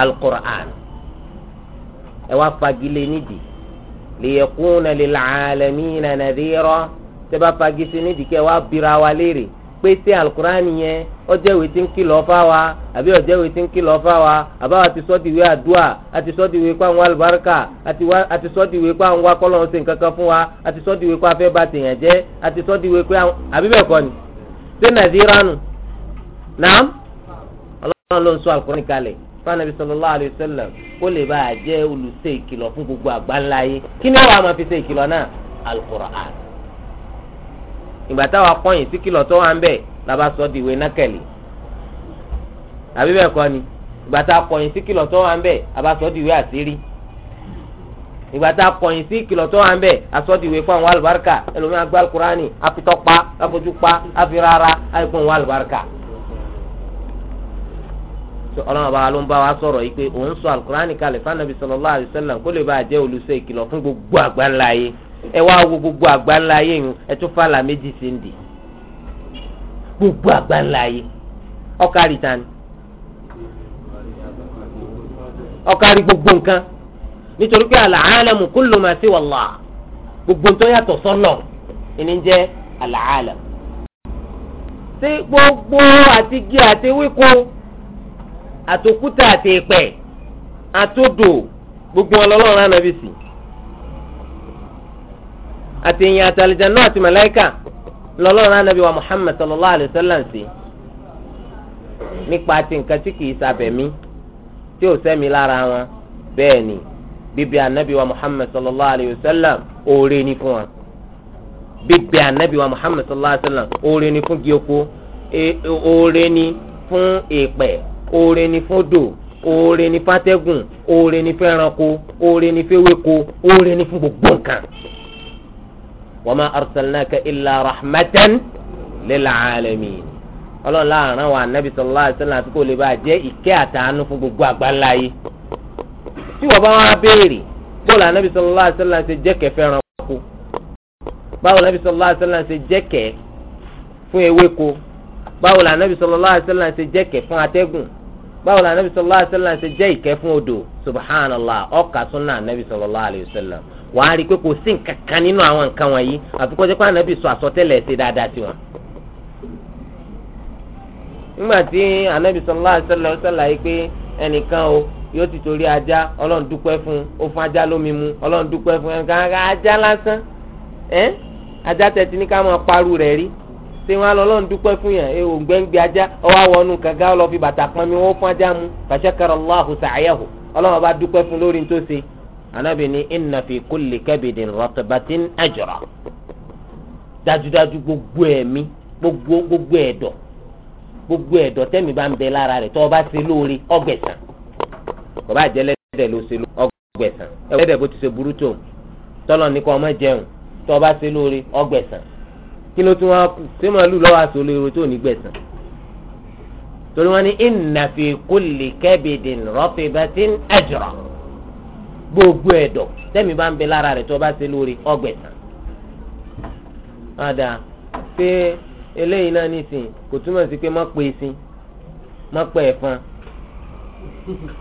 alukur'an ẹ wá fagilé nídìí lèyẹkùn náà lè làálẹ̀ mí nànàdìrọ̀ tẹ́ bá fagilé nídìí kẹ́ wá bira wa léèrè pé ṣé alukurani yẹn ọjọ́ ìwé tí ń kìlọ̀ fá wa àbí ọjọ́ ìwé tí ń kìlọ̀ fá wa àbáwá ti sọ́ di ìwé àdúà àti sọ́ di ìwé pa àwọn alùbáríkà àti sọ́ di ìwé pa àwọn akọ́lọ́ ọ̀sẹ̀ nǹkankan fún wa àti sọ́ di ìwé pa afẹ́ bá tèèyàn jẹ́ àti sọ́ di ìwé pé àwọn àbí bẹ́ẹ̀ kọ́ ni ṣé nàìjíríànù naam ọlọ́run ló ń sọ alukurani kalẹ̀ fún gbogbo àgbáńláyé ìgbà táwa kọ̀yìn sí kìlọ̀ tó wà ń bẹ̀ làbá sọ di ìwé nákẹ́lì àbí bẹ́ẹ̀ kọ́ ni ìgbà tá a kọ̀yìn sí kìlọ̀ tó wà ń bẹ̀ àbá sọ di ìwé àṣírí ìgbà tá sí kìlọ̀ tó wà ń bẹ̀ àsọ di ìwé fún àwọn alùbáríkà ẹlòmíràn agbá alukurani afitọ́ pa afirara àìkún àwọn alùbáríkà tí ọlọ́run bá ló ń bá wa sọ̀rọ̀ yìí pé òun sọ alukurani kalẹ̀ fún anabi sallallahu alaihi kó lè bá a jẹ́ ìkìlọ̀ fún gbogbo àgbáńlá yìí ẹ wá wo gbogbo àgbáńlá ayé yìí ẹ tún fàlà méjì sí gbogbo àgbáńlá ayé ọkàrí tani ọkàrí gbogbo nǹkan nítorí pé al-alamu kullu ma gbogbo tó yàtọ̀ sọ́nà ìní jẹ́ al-alam gbogbo àti gí àti wíkú àtòkúta àti àtòdò gbogbo ànábìsì. àti èèyàn àti àlùjànnú àti màláìkà lọ́lọ́run ànábì wa Muhammad sallallahu alayhi wa sallam sí nípa ti nǹkan tí kìí ṣàbẹ̀mí tí ò sẹ́mi lára wọn bẹ́ẹ̀ ni bíbẹ̀ ànábì wa Muhammad sallallahu alayhi wa sallam oore ni fún wọn bíbẹ̀ ànábì wa Muhammad sallallahu alayhi wa sallam oore ni fún gíoko e, oore ni fún èèpẹ̀ oore ni fún dò oore ni fátẹ́gùn oore ni fẹ́ranko oore ni fẹ́wéko oore ni fún gbogbo nǹkan wa ma arsalnaka illa rahmatan lil alamin ọlọ́run láàrin àwọn anabi sallallahu alaihi wasallam àti kò lè bá a jẹ́ ìkẹ́ àtàánú fún gbogbo àgbáńlá yìí tí wọ́n bá wọn á béèrè báwo la anabi sallallahu alaihi wasallam ṣe jẹ́kẹ̀ fẹ́ràn kó báwo la anabi sallallahu alaihi wasallam ṣe jẹ́kẹ̀ fún ewéko báwo la anabi sallallahu alaihi wasallam ṣe jẹ́kẹ̀ fún atẹ́gùn báwo la anabi sallallahu alaihi ṣe jẹ́ ìkẹ́ fún odò subhanallah ọkà sunna anabi sallallahu alaihi wàá rí i pé kò sí nǹkan kan nínú àwọn nǹkan wọ̀nyí àfi kó jẹ́ pé ànábì sọ àsọtẹ́lẹ̀ ṣe dáadáa sí wọn. nígbà tí ànábì sallallahu alaihi wasallam yìí pé ẹnìkan o yóò ti torí ajá ọlọ́run dúpẹ́ fún ó fún ajá lómi mu ọlọ́run dúpẹ́ fún ẹnìkan ajá lásán ẹ́ ajá tẹ̀tí ní ká máa parú rẹ̀ rí ṣé wọn lọ lọ́n dúpẹ́ fún yàn ẹ ò gbẹ́ngbẹ́ ajá ọwọ́ àwọnú kànga ọlọ́ fi bàtà pọnmi wọn fún ajá mu fàṣẹkẹrẹ Allahu sàáyẹ̀hù ọlọ́run bá dúpẹ́ fún lórí ntòsí anabi ni inna fi kulli kabidin ratbatin ajra dájúdájú gbogbo ẹ̀mí gbogbo gbogbo ẹ̀dọ̀ gbogbo ẹ̀dọ̀ tẹ́mi bá ń bẹ lára rẹ̀ tó o bá ṣe lóore ọgbẹ̀sán kò bá jẹ́ lẹ́dẹ̀ ló ṣe ọgbẹ̀sán ẹ̀wọ̀n bó ti ṣe burú tó tọ́lọ̀ ní kó ọmọ jẹun tó o bá ṣe lóore ọgbẹ̀sán kí ló tún wá kù ṣé màálù lọ́wọ́ aṣọ olóró tó ní gbẹ̀sán torí wọn ni inna fi kulli kabidin ratbatin ajra gbogbo ẹ̀dọ̀ tẹ́mi bá ń bẹ lára rẹ̀ tó bá ṣe lórí ọgbẹ̀sán. ọ̀dà pé eléyìí náà nìsín kò túmọ̀ sí pé má pè é sí má pè é fún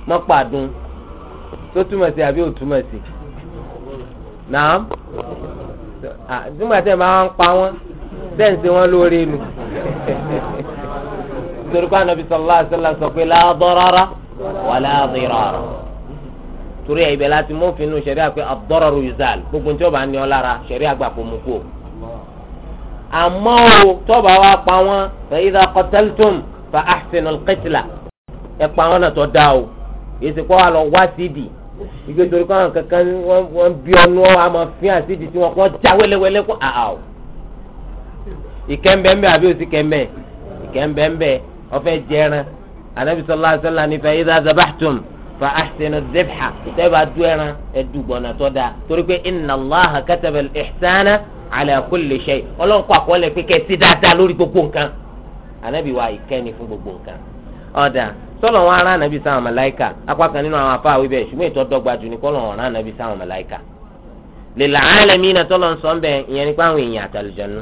má tó túmọ̀ sí àbí ò túmọ̀ sí. nàám túmọ̀ máa ń pa wọ́n sẹ́ǹsì wọn lórí inú torí pé Ànábì sallallahu alaihi wasallam sọ pé la darara wala dirara torí ẹ̀ ibẹ̀ láti mọ́fin nù sẹ̀ríà pé ad-dararu yuzal gbogbo tí ọba ní ọ lára sẹ̀ríà gbà kó mu kú o. àmọ́ o tọ́ba wa pa wọ́n fa idha qataltum fa ahsinul qitla ẹ pa wọ́n náà tọ́ da o èsì kọ́ wa lọ wá sídìí ìgbé torí káwọn kankan wọn bí ọnu ọ àmọ́ fín àsídìí tí wọn kọ́ já wẹ́lẹ́wẹ́lẹ́ kó àà o. ìkẹ́ńbẹ́ńbẹ́ àbí òsì kẹ́ńbẹ́ ìkẹ́ńbẹ́ńbẹ́ ọ̀fẹ́ fa ahsinu zibha tẹ́bà du ẹran ẹ̀dù gbọ̀nà tó dáa torí pé inna allaha kataba al-ihsana ala kulli shay ọlọ́run kọ́ àkọọ́lẹ̀ pé kẹ́ ẹ sí dáadáa lórí gbogbo nǹkan anabi wa ìkẹ́ni fún gbogbo nǹkan ọ̀dà sọlọ wọn ará anabi sáwọn màláíkà apá kan nínú àwọn afá àwí bẹ́ẹ̀ ṣùgbọ́n ìtọ́ dọ́gba jù ní kọ́lọ̀ ọ̀rán anabi sáwọn màláíkà lil alamina tọ́lọ̀ ń sọ ń bẹ ìyẹn nípa àwọn èèyàn àtàlùjọ́nu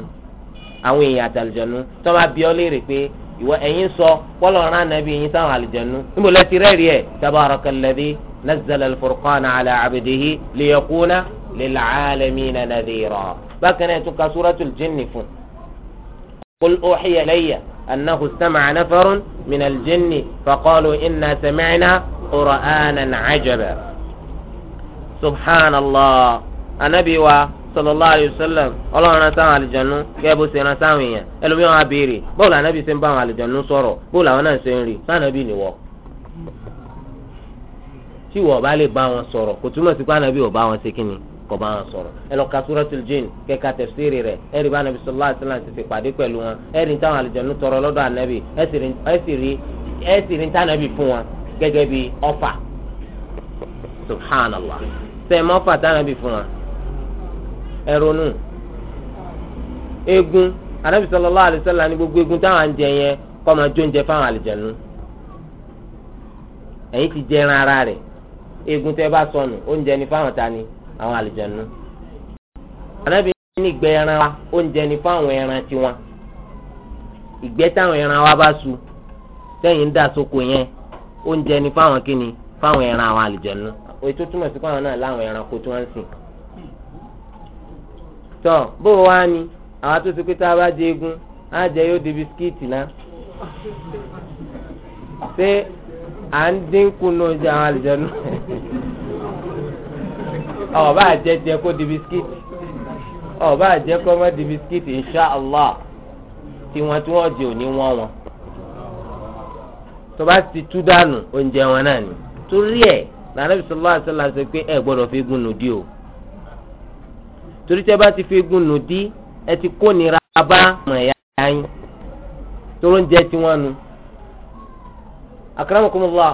àwọn èèyàn àtàlùjọ́nu tọ́ ìwọ ẹ̀yin sọ kọlọrun anabi ẹ̀yin sáwọn àlìjẹnu níbo lẹ ti rẹẹri ẹ tabaraka alladhi nazzala al-furqana ala abdihi liyakuna lil'alamina nadhira bákan náà tún ka suratul jinni fún. قل أوحي leya anahu استمع نفر من الجن فقالوا إنا سمعنا قرآنا عجبا سبحان الله أنبي sallallahu alayhi wa sallam ọlọ́run rán sáwọn àlìjọ̀nú gẹ́gẹ́ bó ṣe rán sáwọn èèyàn ẹlòmíràn á béèrè báwo làwọn anábì ṣe ń bá àwọn àlìjọ̀nú sọ̀rọ̀ báwo làwọn náà ṣe ń rí sànàbì nìwọ. tí wọ́n bá lè bá wọn sọ̀rọ̀ kò túmọ̀ sí pé ànábì ò bá wọn ṣe kíni kò bá wọn sọ̀rọ̀ ẹ lọ ka suratul jin kẹka tẹfsiri rẹ ẹ rí bá anabi sallallahu alayhi wa sallam ti fi pàdé pẹ̀lú wọn ẹ̀rọnù egun anabi sallallahu alaihi wasallam ní gbogbo egun táwọn à ń jẹ yẹn kọ́ máa jó oúnjẹ fáwọn àlìjẹ̀nu ẹ̀yin ti jẹ ẹran ara rẹ̀ egun tẹ́ bá sọnù oúnjẹ ni fáwọn ta ni àwọn àlìjẹ̀nu anabi ní ìgbẹ́ ẹran wa oúnjẹ ni fáwọn ẹran tiwọn ìgbẹ́ táwọn ẹran wa bá su sẹ́yìn ń dà sóko yẹn oúnjẹ ni fáwọn kíni fáwọn ẹran àwọn àlìjẹ̀nu èyí tó túmọ̀ sí fáwọn náà láwọn ẹranko tí wọ́n ń sìn. tọ bó o wá ní àwọn tó ti pé tá a bá jẹ egun á jẹ yóò di bisikíìtì náà ṣé à ń dínkù ní oúnjẹ àwọn àlùjànnú ọba àjẹjẹ kó di bisikíìtì ọba àjẹkọ má di bisikíìtì inṣàlá tiwọn tí wọn jẹ òní wọn wọn tó bá ti tú dànù oúnjẹ wọn náà ni torí ẹ lànà bisalòlá àti sàlàsì pé ẹ gbọ́dọ̀ fi gùn nù dí o torí tẹ́ bá ti fi egun nù dí ẹ ti kó nira bá ọmọ ẹ̀yà yín toró ń jẹ tiwọn nu. akramakumullah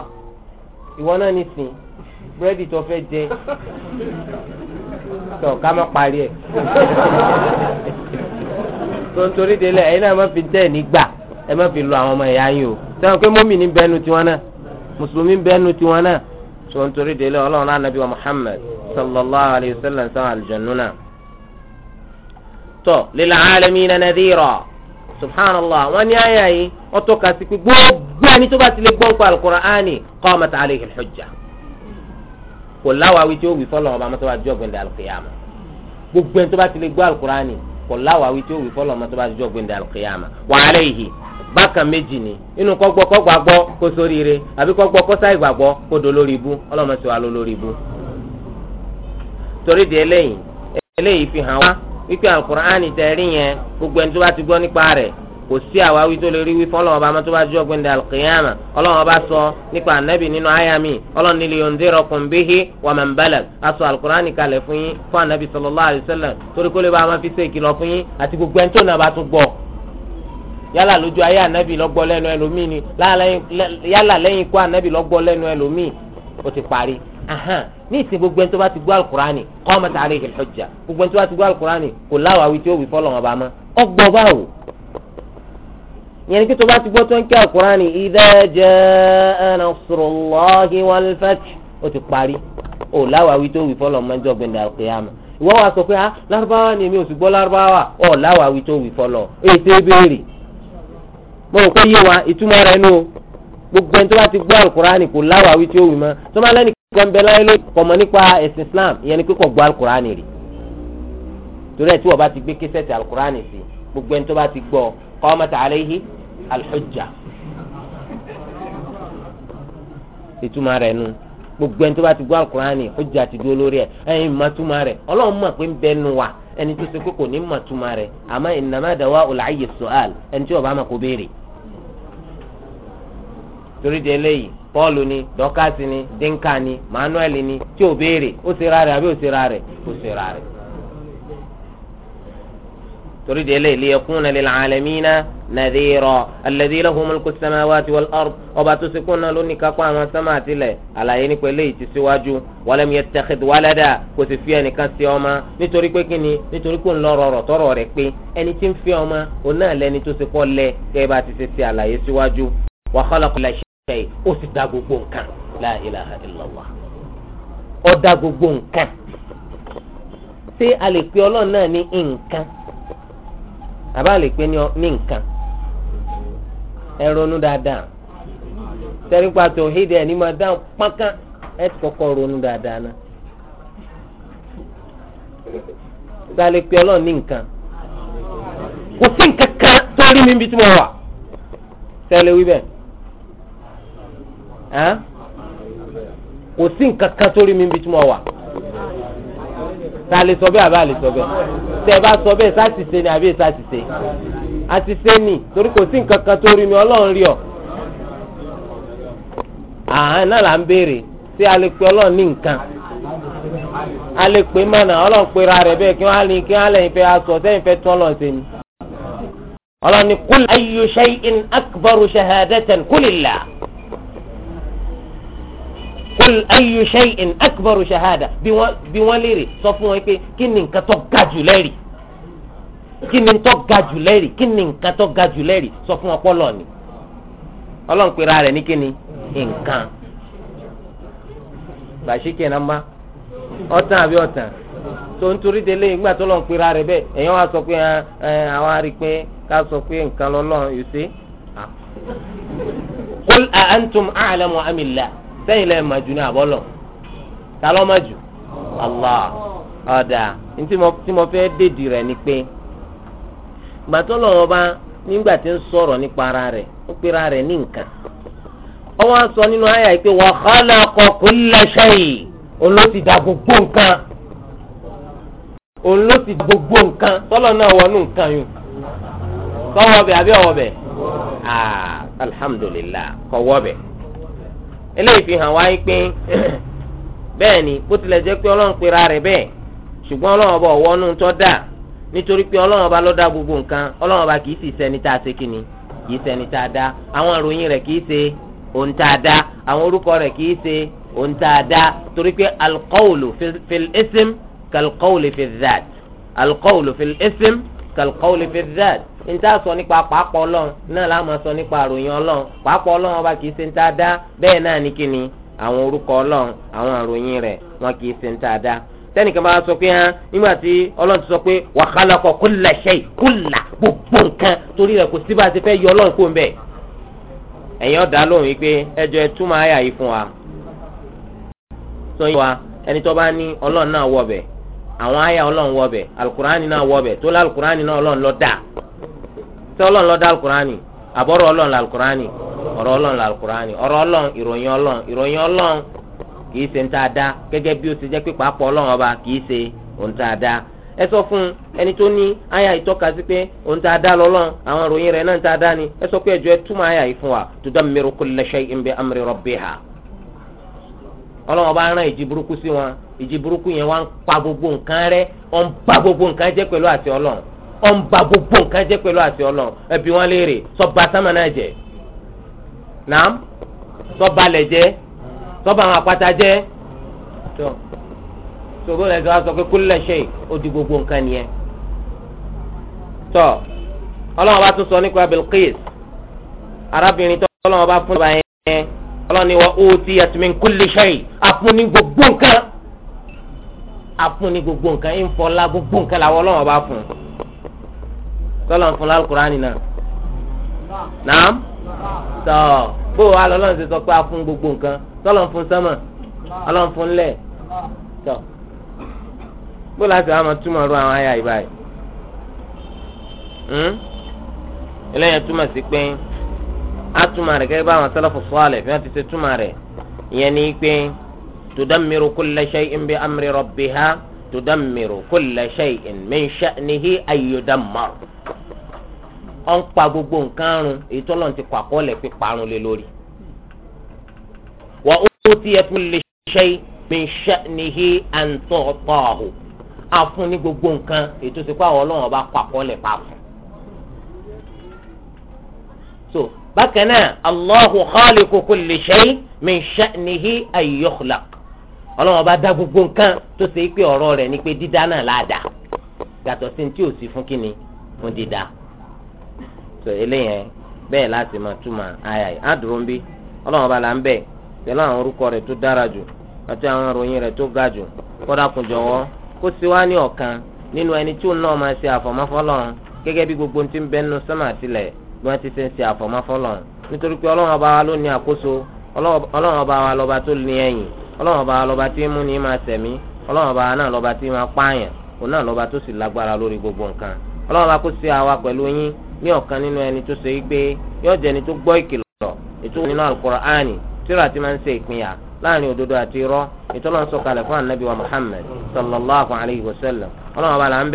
ìwọ náà nìsín búrẹ́dì tó fẹ́ jẹ tọ ká má parí ẹ̀ tó ń torí délẹ̀ ẹ̀yin náà má fi tẹ̀ nígbà ẹ má fi lo àwọn ọmọ ẹ̀yà yín o sẹ́wọ̀n pé mọ́mì ní bẹ́ẹ̀ nu tiwọn náà mùsùlùmí bẹ́ẹ̀ nu tiwọn náà tó ń torí délẹ̀ ọlọ́run náà nàbí wa Muhammad sallallahu alayhi wa sallam sàn àlùjànnú náà tọ lil alamina nadhira subhanallah wọn ní àyà yìí wọn tọ́ka sí pé gbogbo ẹni tó bá ti lè gbọ́n pa alukur'ani qamat alayhi alhujja kò láwàáwí tí ó wí fọlọ́ ọba mọ́tò bá jọ́ gbẹ̀ndẹ̀ alukiyama gbogbo ẹni tó bá ti lè gbọ́ alukur'ani kò láwàáwí tí ó wí fọlọ́ ọba mọ́tò bá jọ́ gbẹ̀ndẹ̀ alukiyama wa alayhi bákan méjì ni inú kọ́gbọ́ kọ́gbà gbọ́ kó sóríire àbí kọ́gbọ́ kọ́sá ìgbàgbọ́ kó do lórí ibú ọlọ́mọ sì wà lórí ibú torí di eléyìí eléyìí fi hàn wá wípé alukur'ani tẹ̀rí yẹn gbogbo ẹni tó bá ti gbọ́ nípa rẹ̀ kò sí àwáwí tó lè rí wí fún ọlọ́wọ́ba àmọ́ tó bá jọ gbẹ̀ndẹ̀ alqiyama ọlọ́wọ́ bá sọ nípa anabi nínú àyà mi ọlọ́run ní liyundhirakum bihi wa man balag aṣọ alukur'ani kalẹ̀ fún yín fún anabi sallallahu alayhi wa sallam torí kó lè bá máa fi ṣe ìkìlọ̀ fún yín àti gbogbo yálà lójú ayé anabi lọ́gbọ́ lẹ́nu ẹlòmíì ni yálà lẹ́yìn ikú anabi lọ́gbọ́ lẹ́nu ẹlòmíì ó ti parí ní ìsìn gbogbo ẹni tó bá ti gbọ́ alukurani qamat alayhi al-hujja gbogbo ẹni tó bá ti gbọ́ alukurani kò láwàá wí tí ó wí fọlọ́ wọn bá mọ́ ọgbọ́ báwo. yẹn kí tó bá ti gbọ́ tó ń kí alukurani idha jaa nasrullahi wal fath ó ti parí ó láwàá wí tó wí fọlọ́ mọ́jọ́ gbẹ̀ndẹ̀ al-qiyama wa sọ pé ah lárúbáwá ni èmi ò sì gbọ́ lárúbáwá ọ̀ láwàá wí tó fọlọ́ ètè kan bẹ láyé ló kọmọ nípa ẹ̀sìn Islam ìyẹn ni pé kò gbọ́ alukurani rí torí ẹ̀ tí wọ́n bá ti gbé késẹ́tì alukurani sí gbogbo ẹni tó bá ti gbọ́ qamat alayhi alhujja ìtumọ̀ rẹ̀ nu gbogbo ẹni tó bá ti gbọ́ alukurani hujja ti dúró lórí ẹ̀ ẹ̀yin mọ̀ túmọ̀ rẹ̀ ọlọ́run mọ̀ pé ń bẹ nu wa ẹni tó ṣe pé kò ní mọ̀ túmọ̀ rẹ̀ àmọ́ innama dawa'ul ayyi su'al ẹni Pọ́ọ̀lù ni Dọ́kásì ni Dínkà ni Manuel ni tí ò béèrè ó ṣe ra rẹ̀ àbí ó ṣe ra rẹ̀ ó ṣe ra rẹ̀. torí de ilé liyakuna lil alamina nadhira alladhi lahu mulku samawati wal ard ọba tó ṣe kúnna ló ní kápá àwọn sámà àtìlẹ̀ àlàyé nípa eléyìí ti síwájú walam yattakhid walada kò sì fi ẹnìkan sí ọmọ nítorí pé kí nítorí kò ń lọ rọrọ tọrọ rẹ̀ pé ẹni tí ń fi ọmọ òun náà lẹni tó ṣe lẹ kẹ́ bá ti ṣe ti àlàyé síwájú wa khalaqa fẹ́ yìí ó sì dá gbogbo nǹkan la ilaha illallah ó dá gbogbo nǹkan ṣé a lè pe ọlọ́run náà ní nǹkan àbá lè pe ní nǹkan ẹ ronú dáadáa tẹ́rípa tòhídìí ẹ̀ ní máa dáhùn pákán ẹ kọ́kọ́ ronú dáadáa náà ṣé a lè pe ọlọ́run ní nǹkan kò sí nǹkan kan tó rí mi bí tí mo wà tẹ́lẹ̀ wí o si nka katoli min bi tuma wa ta le sɔ bɛɛ a b'ale sɔ bɛɛ tɛ ba sa ti se ni a bɛ se a ti se ni torí ko si nka katoli mi ɔlɔn ri o aa n nana n beere si ale kpe ɔlɔn ni nkan ale kpe ma mana, ɔlɔn kpera rɛ bɛ kí wọn kí wọn lɛ yín fɛ asɔ sɛ yín fɛ tɔn lɔn sɛ mi ɔlɔn ni kul ayi yu in akubaru sɛ hɛ dɛ kul ayu shay'in akbaru shahada bi wọ́n bí wọ́n léèrè sọ fún wọn pé kí ni nǹkan tó ga jù lẹ́rìí kí ni tó ga jù lẹ́rìí kí ni nǹkan tó ga jù lẹ́rìí sọ fún ọpọlọ ni ọlọ́run pera rẹ̀ ní kí ni nǹkan bàṣíkì ẹ̀ náà má ọ̀tàn àbí ọ̀tàn tó ń torí délé ìgbà tó lọ́n pera rẹ̀ bẹ́ẹ̀ èèyàn sọ pé àwọn arí ká sọ pé nǹkan lọ́lọ́run yóò kul ah. a sẹ́yìn lẹ́yìn máa jù ní àbọ́lọ̀ ta ló máa jù allah ọ̀dà tí mo fẹ́ dèdì rẹ̀ ni pé gbàtọ́lọ̀ lọ́wọ́ bá nígbà tí ń sọ̀rọ̀ nípa ara rẹ̀ ó pe ara rẹ̀ ní nǹkan ọwọ́ sọ nínú àyà yìí pé òun ló ti gbogbo nǹkan òun ló ti gbogbo nǹkan tọ́lọ̀ náà nǹkan eléyìí fi hàn wáyé pé bẹ́ẹ̀ ni bó tilẹ̀ jẹ́ pé ọlọ́run pera rẹ̀ bẹ́ẹ̀ ṣùgbọ́n ọlọ́run ọba ọ̀wọ́nú tó dà nítorí pé ọlọ́run ọba ló dá gbogbo nǹkan ọlọ́run ọba kì í sì sẹ́ni tá a ṣe kí ni kì í sẹ́ni tá a dá àwọn ìròyìn rẹ̀ kì í ṣe òun tá a dá àwọn orúkọ rẹ̀ kì í ṣe òun tá a dá torí pé alqawlu fil ism kalqawli fil dhat alqawlu fil ism kàlùkọ́wòlì fẹ́fẹ́d níta sọ nípa pàápọ̀ ọlọ́run náà la máa sọ nípa àròyìn ọlọ́run pàápọ̀ ọlọ́run ọba kìí ṣe ń tá a dá bẹ́ẹ̀ náà ní kíni àwọn orúkọ ọlọ́run àwọn àròyìn rẹ̀ wọn kìí ṣe ń tá dá tẹnìkan bá sọ pé hàn nígbà tí ọlọ́run ti sọ pé wa khalaqa kulla shay kulla gbogbo nǹkan torí rẹ̀ kò sí bá a ti fẹ́ yọ ọlọ́run kó ń bẹ̀. ẹ̀yin ọ̀dà lóhùn wa. sọ yìí wa ẹni tó àwọn àyà ọlọ́run wọbẹ̀ alukurani náà wọbẹ̀ tó la alukurani náà ọlọ́run ló dá tí ọlọ́run ló dá alukurani àbọ̀rọ̀ ọlọ́run la alukurani ọ̀rọ̀ ọlọ́run la alukurani ọ̀rọ̀ ọlọ́run ìròyìn ọlọ́run ìròyìn ọlọ́run kìí ṣe ntá dá gẹ́gẹ́ bí ó ti jẹ́ pé pàápọ̀ ọlọ́run ọba kìí ṣe òǹtá dá ẹ sọ fún ẹni tó ní àyà ìtọ́ka sí pé òǹtá dá lọ́lọ́run àwọn ìròyìn rẹ̀ náà ntá dá ni ẹ sọ pé ẹjọ́ ẹ túmọ̀ àyà yìí fún amri rabbiha ọlọ́run ọba rán ìjì burúkú sí ìjì burúkú yẹn wá ń pa gbogbo nǹkan rẹ ó ń ba gbogbo nǹkan jẹ́ pẹ̀lú àti ọlọ́run ó ń ba gbogbo nǹkan jẹ́ pẹ̀lú àti ọlọ́run ẹbí wọn léèrè sọba sámà náà jẹ nàám sọba alẹ jẹ sọba àwọn àpáta jẹ tó sọgbọn rẹ gbọ́dọ̀ sọ pé kullu shay ó gbogbo nǹkan nìyẹn tó ọlọ́run bá tún sọ nípa Bilqis arábìnrin tó ọlọ́run bá fún ọba yẹn ọlọ́run ni wọ́n ó ti yàtúmí kullu shay àfúnni gbogbo nǹkan afún ní gbogbo nǹkan ń fọlá gbogbo nǹkan làwọn ọlọ́wọ́n bá fún un tọ́lọ̀ ń fún lálùkùránì náà nàám tọ́ bó o alọ́lọ́run ti sọ pé afún gbogbo nǹkan tọ́lọ̀ ń fún sánmà ọlọ́run fún lẹ̀ tọ́ bó láti wá máa túmọ̀ ru àwọn àyà ìbáyìí hmm? eléyàn túmọ̀ sí pé á túmọ̀ rẹ̀ gẹ́gẹ́ bá àwọn sálàfù sọ́ọ̀lẹ̀ fi wọ́n ti ṣe túmọ̀ rẹ̀ ìyẹn ni pé tudammiru kulla shay'in bi amri rabbiha tudammiru kulla shay'in min sha'nihi ayyudammar ó ń pa gbogbo nǹkan run èyí tó lọ́n ti kọ àkọọ́lẹ̀ píparun lé lórí. wa utiya kulli shay'in min sha'nihi an tu'tahu àfún ní gbogbo nǹkan èyí tó ti kọ́ àwọn ọlọ́run ọba kọ àkọọ́lẹ̀ pa fún. so bákan náà Allahu khaliqu kulli shay'in min sha'nihi ay yukhlaq. ọlọ́wọ́ bá dá gbogbo nǹkan tó ṣe pé ọ̀rọ̀ rẹ̀ ni pé dídá náà láàdá yàtọ̀ sí ní tí ò sí fún kíni fún dídá tó eléyẹn bẹ́ẹ̀ láti máa túmọ̀ àyà yìí á dúró ń bí bá là ń bẹ̀ pẹ̀lú àwọn orúkọ rẹ̀ tó dára jù àti àwọn ìròyìn rẹ̀ tó ga jù jọ̀wọ́ kó gbogbo ti ń bẹ́nu sọ́mà tilẹ̀ bí wọ́n ti ṣe ń ṣe nítorí ọlọ́run ọba wa lọ́ba tó ní ẹ̀yìn ọlọ́run ọba wa lọ́ba tí mú ní máa sẹ̀mí ọlọ́run ọba wa náà lọ́ba tí máa pààyàn òun náà lọ́ba tó sì lágbára lórí gbogbo nǹkan ọlọ́run ọba kó ṣe àwa pẹ̀lú yín ní ọ̀kan nínú ẹni tó ṣe wípé yóò jẹ́ ẹni tó gbọ́ ìkìlọ̀ ètò nínú alukur'ani tíra ti máa ń ṣe ìpínyà láàrin òdodo àti irọ́ ìtọ́lọ́nsọ̀kalẹ̀ Muhammad sallallahu alayhi wa sallam ọlọ́run ọba là ń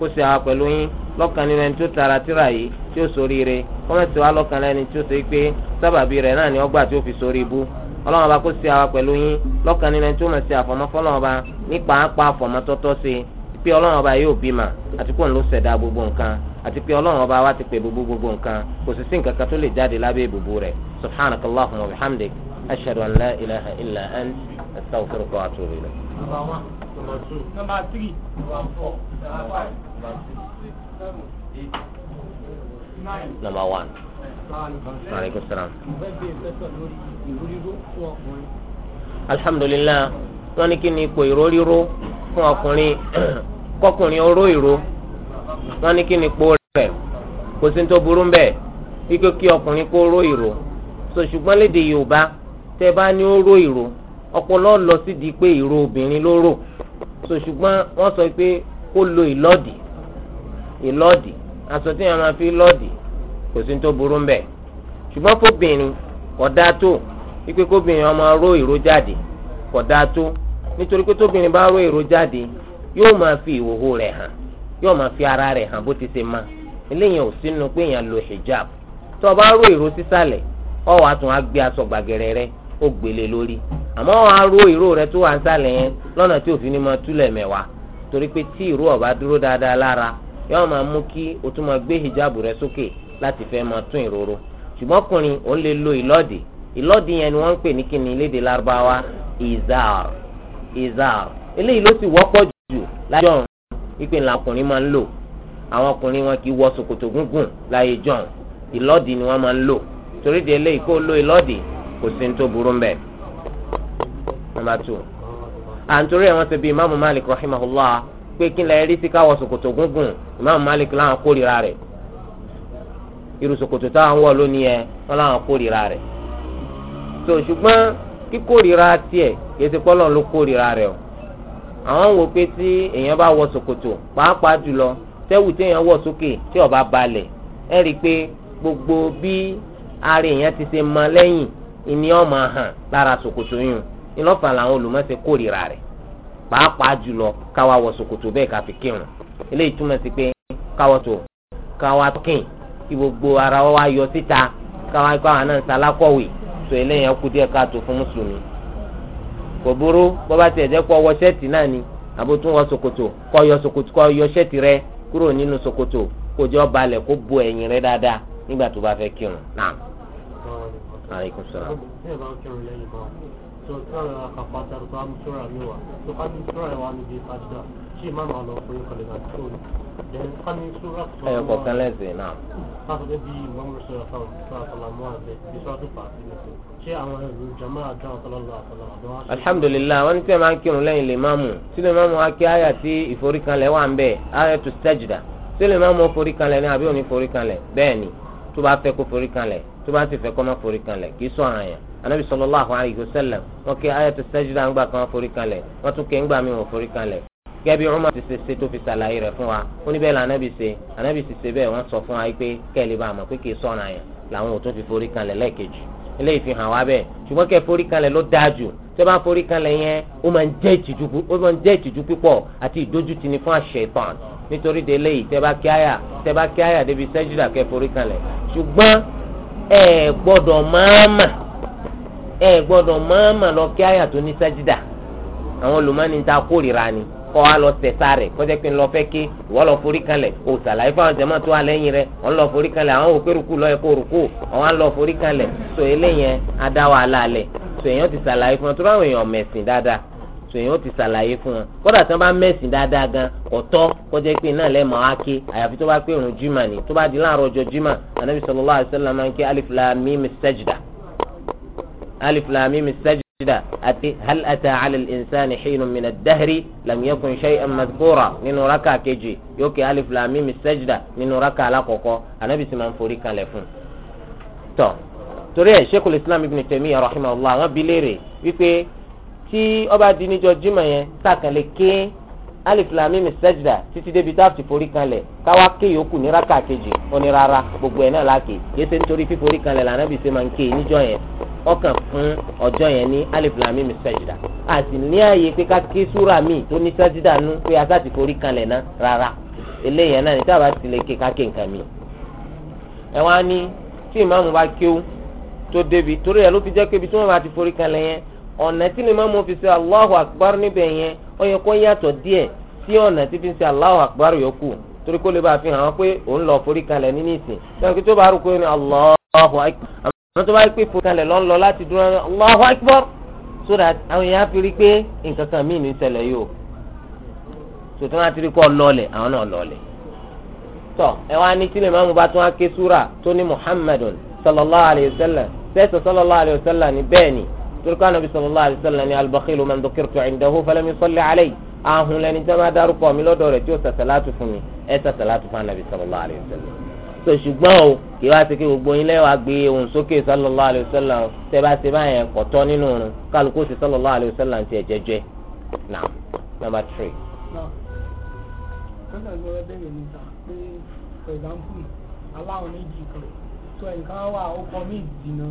kó sì àwọn pẹ̀lú yín lọ́kàn nínú ẹni tó tara tíra yìí tí ó soríire kọ́mẹ̀tì wa lọ́kàn lẹ́ni tí ó sọ pé sábàbí rẹ̀ náà ni ọgbà tí ó fi sori ibú ọlọ́run ọba kó sì àwọn pẹ̀lú yín lọ́kàn nínú ẹni tó mọ̀ sí àfọ̀mọ́ fọlọ́run ọba ní pàápàá àfọ̀mọ́ tọ́tọ́ sí pé ọlọ́run ọba yóò àti pé gbogbo nǹkan àti pé ọlọ́run number one. maaleykum salaam. alhamdulilayi wọ́n ní kí ni ipò ìró ríro fún ọkùnrin kọkùnrin oró ìró wọ́n ní kí ni ipò rẹ̀ kò sí tó burú bẹ́ẹ̀ wípé kí ọkùnrin kó ró ìró so ṣùgbọ́n léde yorùbá tẹ́ bá ní ó ìró ọpọlọ lọ sí pé ìró obìnrin ló rò so ṣùgbọ́n wọ́n sọ pé kó lo ìlọ́dì. ìlọ́ọ̀dì aṣọ tí wọn máa fi lọ́ọ̀dì kò sí tó burú ń ṣùgbọ́n fóbìnrin kò dáa tó wípé kóbìnrin ọmọ ró ìró jáde kò dáa tó nítorí pé tóbìnrin bá ró ìró jáde yóò máa fi ìhòhò rẹ̀ hàn yóò máa fi ara rẹ̀ hàn bó ti ṣe máa eléyìí ò sínú pé lo hijab tó o bá ró ìró sísàlẹ̀ ọ á gbé aṣọ gbàgẹ̀rẹ̀ ó gbélé lórí àmọ́ á ró ìró tó wà ń sàlẹ̀ yẹn lọ́nà tí òfin ni túlẹ̀ mẹ́wàá torí pé tí ìró yóò máa mú kí o tún máa gbé hijab rẹ sókè láti fẹ́ máa tún ìrorò ṣùgbọ́n ọkùnrin ò ń lè lo ìlọ́dì ìlọ́dì yẹn ni wọ́n ń pè ní kíni léde lárúbáwá izar izar eléyìí ló sì wọ́pọ̀ jù láyé ọ̀hún wípé ńlá ọkùnrin máa ń lò àwọn ọkùnrin wọn kì í wọ ṣòkòtò gúngùn ni wọ́n máa ń lò torí eléyìí kó lo ìlọ́dì kò sí ní tó burú mbẹ́. number ẹ̀ wọ́n ti bí Malik pé kí lẹ rí sí káwọ ṣòkòtò gúngùn Imam Malik láwọn kórìíra rẹ̀ irú ṣòkòtò táwọn wọ̀ lónìí ẹ wọn láwọn kórìíra rẹ̀ tó ṣùgbọ́n kíkórìíra tiẹ̀ kì í ṣe pé Ọlọ́run ló kórìíra rẹ̀ o àwọn ń wo pé tí èèyàn bá wọ̀ ṣòkòtò pàápàá jùlọ tẹ́wù téèyàn wọ̀ sókè tí ó bá ẹ rí i pé gbogbo bí ara èèyàn ti ṣe mọ lẹ́yìn ìní ọmọ hàn lára ṣòkòtò yìí ńlọ́fà làwọn olùmọ̀ ṣe kórìíra rẹ̀ pàápàá jùlọ káwa wọ sokoto bẹ́ẹ̀ ká fi kírun eléyìí túmọ̀ sí pé káwọ́ tó káwa kín kí gbogbo ara wa wá yọ síta káwa káwa náà ń salákọ̀wé tó eléyìí díẹ̀ káàtó fún mùsùlùmí kò burú bó bá tiẹ̀ jẹ́ kó wọ ṣẹ́ẹ̀tì náà ni àbó tún wọ yọ ṣòkòtò kó yọ rẹ kúrò nínú sokoto kó jọ balẹ̀ kó bu ẹ̀yìn rẹ dáadáa nígbà tó bá fẹ́ to tsara kafatar za mu tura yawa to hannun tura yawa ne bai fashida shi ma ma na kuma kalina to da hannun tura su ma ko kan lẹsẹ náà ta su bi wọn mu sura kan tura salamu alaihi bi sura tu fa ti ne ṣe àwọn ẹrù jama'a jọ ọsọlọlọ ọsọlọ. alhamdulilayi wọn ti máa ń kírun lẹ́yìn lè máa mú tí lè máa mú akí àyà tí ìforíkanlẹ̀ wà ń bẹ àyà tó sẹjìdá tí lè máa mú foríkanlẹ̀ ní àbí òní foríkanlẹ̀ bẹ́ẹ̀ ni tó bá fẹ́ kó foríkanlẹ̀ tó bá sì fẹ́ kó má foríkanlẹ̀ kì í sọ àràn yẹn anabi sallallahu alayhi wa sallam wọn kí ayatu sajda ń gbà kan forí kanlẹ̀ wọn tún kí ń gbà mí wọn forí kanlẹ̀ gẹbi Umar ti ṣe ṣe tó fi ṣàlàyé rẹ̀ fún wa ó ní bẹ́ẹ̀ la anabi ṣe anabi sì ṣe bẹ́ẹ̀ wọn sọ fún wa pé kẹlẹ bá a mọ̀ pé kì í sọ̀rọ̀ àyàn làwọn ò tún fi forí kanlẹ̀ lẹ́ẹ̀kejì eléyìí fi hàn wá bẹ́ẹ̀ ṣùgbọ́n kẹ forí kanlẹ̀ ló dáa jù tẹ bá forí kanlẹ̀ yẹn ó máa ń jẹ́ ìtìjú púpọ̀ àti ìdójútì ni fún àṣetán nítorí de eléyìí tẹ bá kí àyà tẹ bá kí àyà ẹ gbọ́dọ̀ mọ́ọ́mà lọ kí àyà tó ní sájídà àwọn olùmọ́ni ta kórìíra ni kọ́ wa lọ tẹ̀sà rẹ̀ kọjá pé ń lọ fẹ́ ké ìwọ lọ forí kanlẹ̀ o sàlàyé fáwọn jẹ́mọ́ tó wà lẹ́yìn rẹ̀ wọ́n lọ forí kanlẹ̀ àwọn òkè rúkú lọ́ọ́ ẹ̀kọ́ rúkú àwọn á lọ forí kanlẹ̀ so eléyẹn adá wa lálẹ̀ so èèyàn ti sàlàyé fún wọn tó ráwọn èèyàn mẹ̀sìn dáadáa so èèyàn ti sàlàyé fún wọn kódà tí wọn bá mẹ̀sìn dáadáa gan ọ̀tọ́ kọjá pé náà lẹ́ẹ̀ máa ké àyàfi tó bá pé òrùn jimá ni tó bá di láàárọ̀ ọjọ́ jimá Ànábì sallallahu alaihi alif lam mim alif lam mim sajda àti hal ata ala al-insani hinun min ad-dahri lam yakun shay'an madhkura nínú raka kejì yóò kí alif lam mim sajda nínú raka alákọ̀ọ́kọ́ anabi sì máa ń forí kalẹ̀ fún tọ́ torí ẹ̀ sheikhul islam ibn taymiyyah rahimahullah wọ́n bi léèrè wípé tí ó bá di níjọ́ jímọ̀ yẹn sáà kan lè ké alif lam mim sẹjida títí débi tá a ti forí kanlẹ̀ káwá ké yòókù ní raka kejì òní rárá gbogbo ẹ̀ náà láàkè yéṣe nítorí fíforí kanlẹ̀ lànà bí ṣe máa ń ké níjọ́ yẹn ọkàn fún ọjọ́ yẹn ní alif lam mim sẹjida àti ní ààyè pé ká ké súra míì tó ní sẹjida nú pé a sáà ti forí kanlẹ̀ náà rárá eléyẹn náà ní sábà ti lè ké ká ké mi. ẹ wá ní tí ìmáàmù bá kéwú tó débi torí fi jẹ́ pé ibi tí wọ́n bá ti forí kanlẹ̀ ọ̀nà tí lè má mú fi ṣe Allahu Akbar níbẹ̀ yẹn ó yẹ kó yàtọ̀ díẹ̀ sí ọ̀nà tí fi ń ṣe Allahu Akbar yòókù torí kó lè bá fi hàn pé òun lọ forí kalẹ̀ nínú ìsìn sọ pé tó bá rú kó ní Allahu Akbar àmọ́ tó bá pè forí kalẹ̀ lọ́n lọ láti dúró ní Allahu so that àwọn èèyàn fi rí pé nǹkan kan míì ní ṣẹlẹ̀ yìí o sòtò náà ti rí kó lọlẹ̀ àwọn náà lọlẹ̀ tọ ẹ wá ní tílé máa mú bá tún á ké súrà tó ní Muhammadun sallallahu alayhi wa sallam sẹ́sọ̀ sallallahu alayhi wa sallam ní bẹ́ẹ̀ ni turkey anabi sallallahu alayhi wa sallam ni albakilu man dhukirtu indahu falam yusalli alayhi ahun lẹni tí a máa dárúkọ mi lọ́dọ̀ rẹ̀ tí ó sàṣàlátù fún mi ẹ sàṣàlátù fún anabi sallallahu alayhi wa sallam so ṣùgbọ́n o kì í wá sí kí gbogbo yín lẹ́wàá gbé ohùn sókè sallallahu alayhi wa sallam tẹ́ bá kọ̀tọ́ nínú oorun kálukú sí sallallahu alayhi wa sallam tiẹ̀ jẹ́jẹ́ now number three. kọ́ńtà ìgbọ́ra bẹ̀rẹ̀ níta pé for example aláwọ̀ méjì kan so ẹ̀ka wà ó kọ́ mí ìdìnnà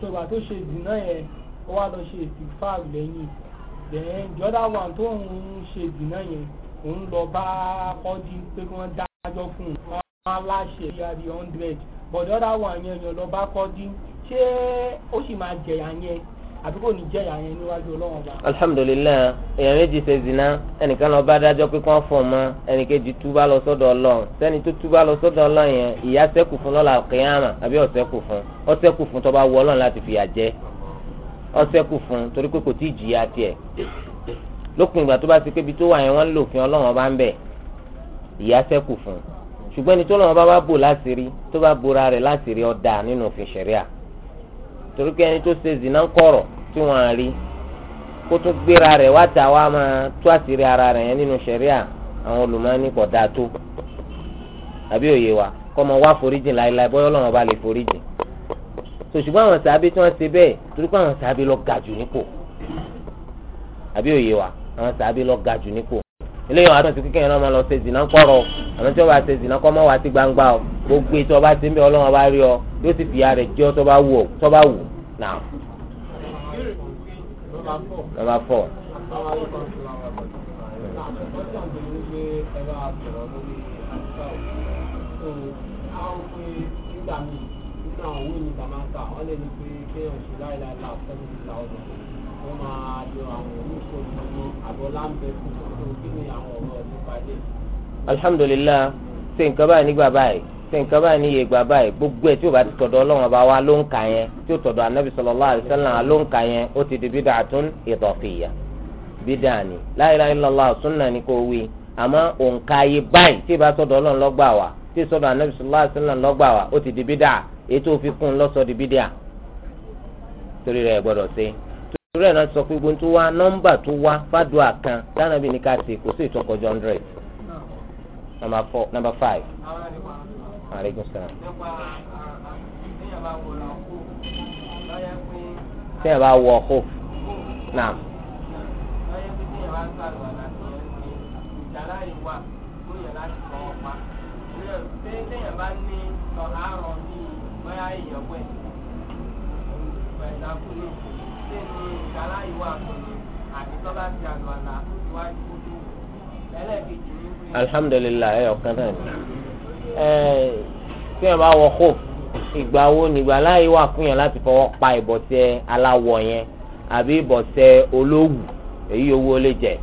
so ìgbà tó ṣe ìdìnnà yẹn ó wá lọ ṣe ìfàr lẹ́yìn then the other one tó ń ṣe dìnnà yẹn òun lọ bá kọ́dí pé kí wọ́n dájọ́ fún un wọ́n á láṣẹ hundred but the other one yẹn yẹn lọ bá kọ́dí ṣé ó sì máa jẹ̀yà yẹn àbí kò ní jẹ̀yà yẹn níwájú ọlọ́wọ́n bá. alhamdulilayi èèyàn méjì ṣe zina ẹnìkan lọ bá dájọ́ pé kán fọ̀ mọ́ ẹnìkejì túbá lọ sọ́dọ̀ ọlọ́run sẹ́ni tó túbá lọ sọ́dọ̀ ọlọ́run yẹn ìyà ṣẹ́kù fún lọ́la kíyámà àbí ó ṣẹ́kù fún ó fún tó ọsẹkù fún un torí pé kò tí ì jìyà tiẹ̀ lópin ìgbà tó bá ti pé ibi tó wà yẹn wọ́n ń lòfin Ọlọ́run ọba ń bẹ ìyà ṣẹ́kù fún un ṣùgbọ́n ẹni tó lọ́wọ́ bá bá bò láṣìírí tó bá bora rẹ̀ láṣìírí ọ̀dà nínú òfin ṣẹ̀ríà torí pé ẹni tó ṣe zìnà ń kọ̀rọ̀ tí wọ́n á rí kó tún gbéra rẹ̀ wá tà wá máa tú àṣírí ara rẹ̀ yẹn nínú ṣẹ̀ríà àwọn olùmọ́ni pọ̀ dáa tó àbí òye wa kọ́ mọ wá foríjìn láéláé bọ́yọ́ lọ́wọ́ bá lè foríjìn sòṣùgbọ́n àwọn sàbí tí wọ́n ṣe bẹ́ẹ̀ torí pé àwọn sàbí lọ ga jù nípò àbí òye wa àwọn sàbí lọ ga jù nípò eléyìí wọn àtúntò kékeré náà máa lọ ṣe zìnnà kọrọ àmọ́ tí wọn bá ṣe zìnnà kọ mọ wá sí gbangba o gbogbo ètò ọba ti ń bẹ Ọlọ́run ọba rí ọ yóò sì fìyà rẹ̀ jẹ ọ tó bá wù ọ tó bá wù náà. nọ́mbà fọ. nọ́mbà fọ wọ́n lè ní pé kéèyàn ṣe láìláì la seventy thousand wọ́n máa yọ àwọn oníṣòwò tuntun àbọ̀lá ń bẹ fún tuntun kí ni àwọn ọ̀rọ̀ nípa dé. alhamdulillah ṣe nǹkan báyìí nígbà báyìí ṣe nǹkan báyìí ní ìgbà báyìí gbogbo ẹ̀ tí o bá ti tọ̀dọ̀ ọlọ́run ọba wa ló ń kà yẹn tí o tọ̀dọ̀ anabi sallallahu alaihi ló ń kà yẹn ó ti di bid'atun idafiyya bídà ni la ilaha illallah ni kò wí àmọ́ òǹkà ayé báyìí tí o bá tọ̀dọ̀ ọlọ́run lọ́gbà wa tí o sọ̀dọ̀ anabi sallallahu alaihi lọ́gbà wa ó ti di bídà ètò òfin kún lọ́sọ̀ di bídíà torí rẹ̀ gbọ́dọ̀ ṣe torí ẹ̀ náà sọ pé gbogbo tó wá nọ́mbà tó wá fàdùà kan dáná bí ní ká ṣe kò sí ìtọ́kọjọ́ hundred number four number five. aleykum salaam. téèyàn bá wọ ọkọ náà. téèyàn bá ní ọ̀la àrọ̀ bíi bóyá èèyàn pẹ̀ pẹ̀lú àkúrò ṣé ni ìgbàlá ìwà àkùnrin àti tọ́lá ti àlọ́ àlà iwájú kótó ẹlẹ́ẹ̀kejì ní. alhamdulilayi ẹyọ náà ni tí wọn bá wọ kó ìgbà wo nígbà láyé wà fún yẹn láti fọwọ́ pa ìbọ̀sẹ̀ aláwọ̀ yẹn àbí ìbọ̀sẹ̀ olówù èyí owó lè jẹ́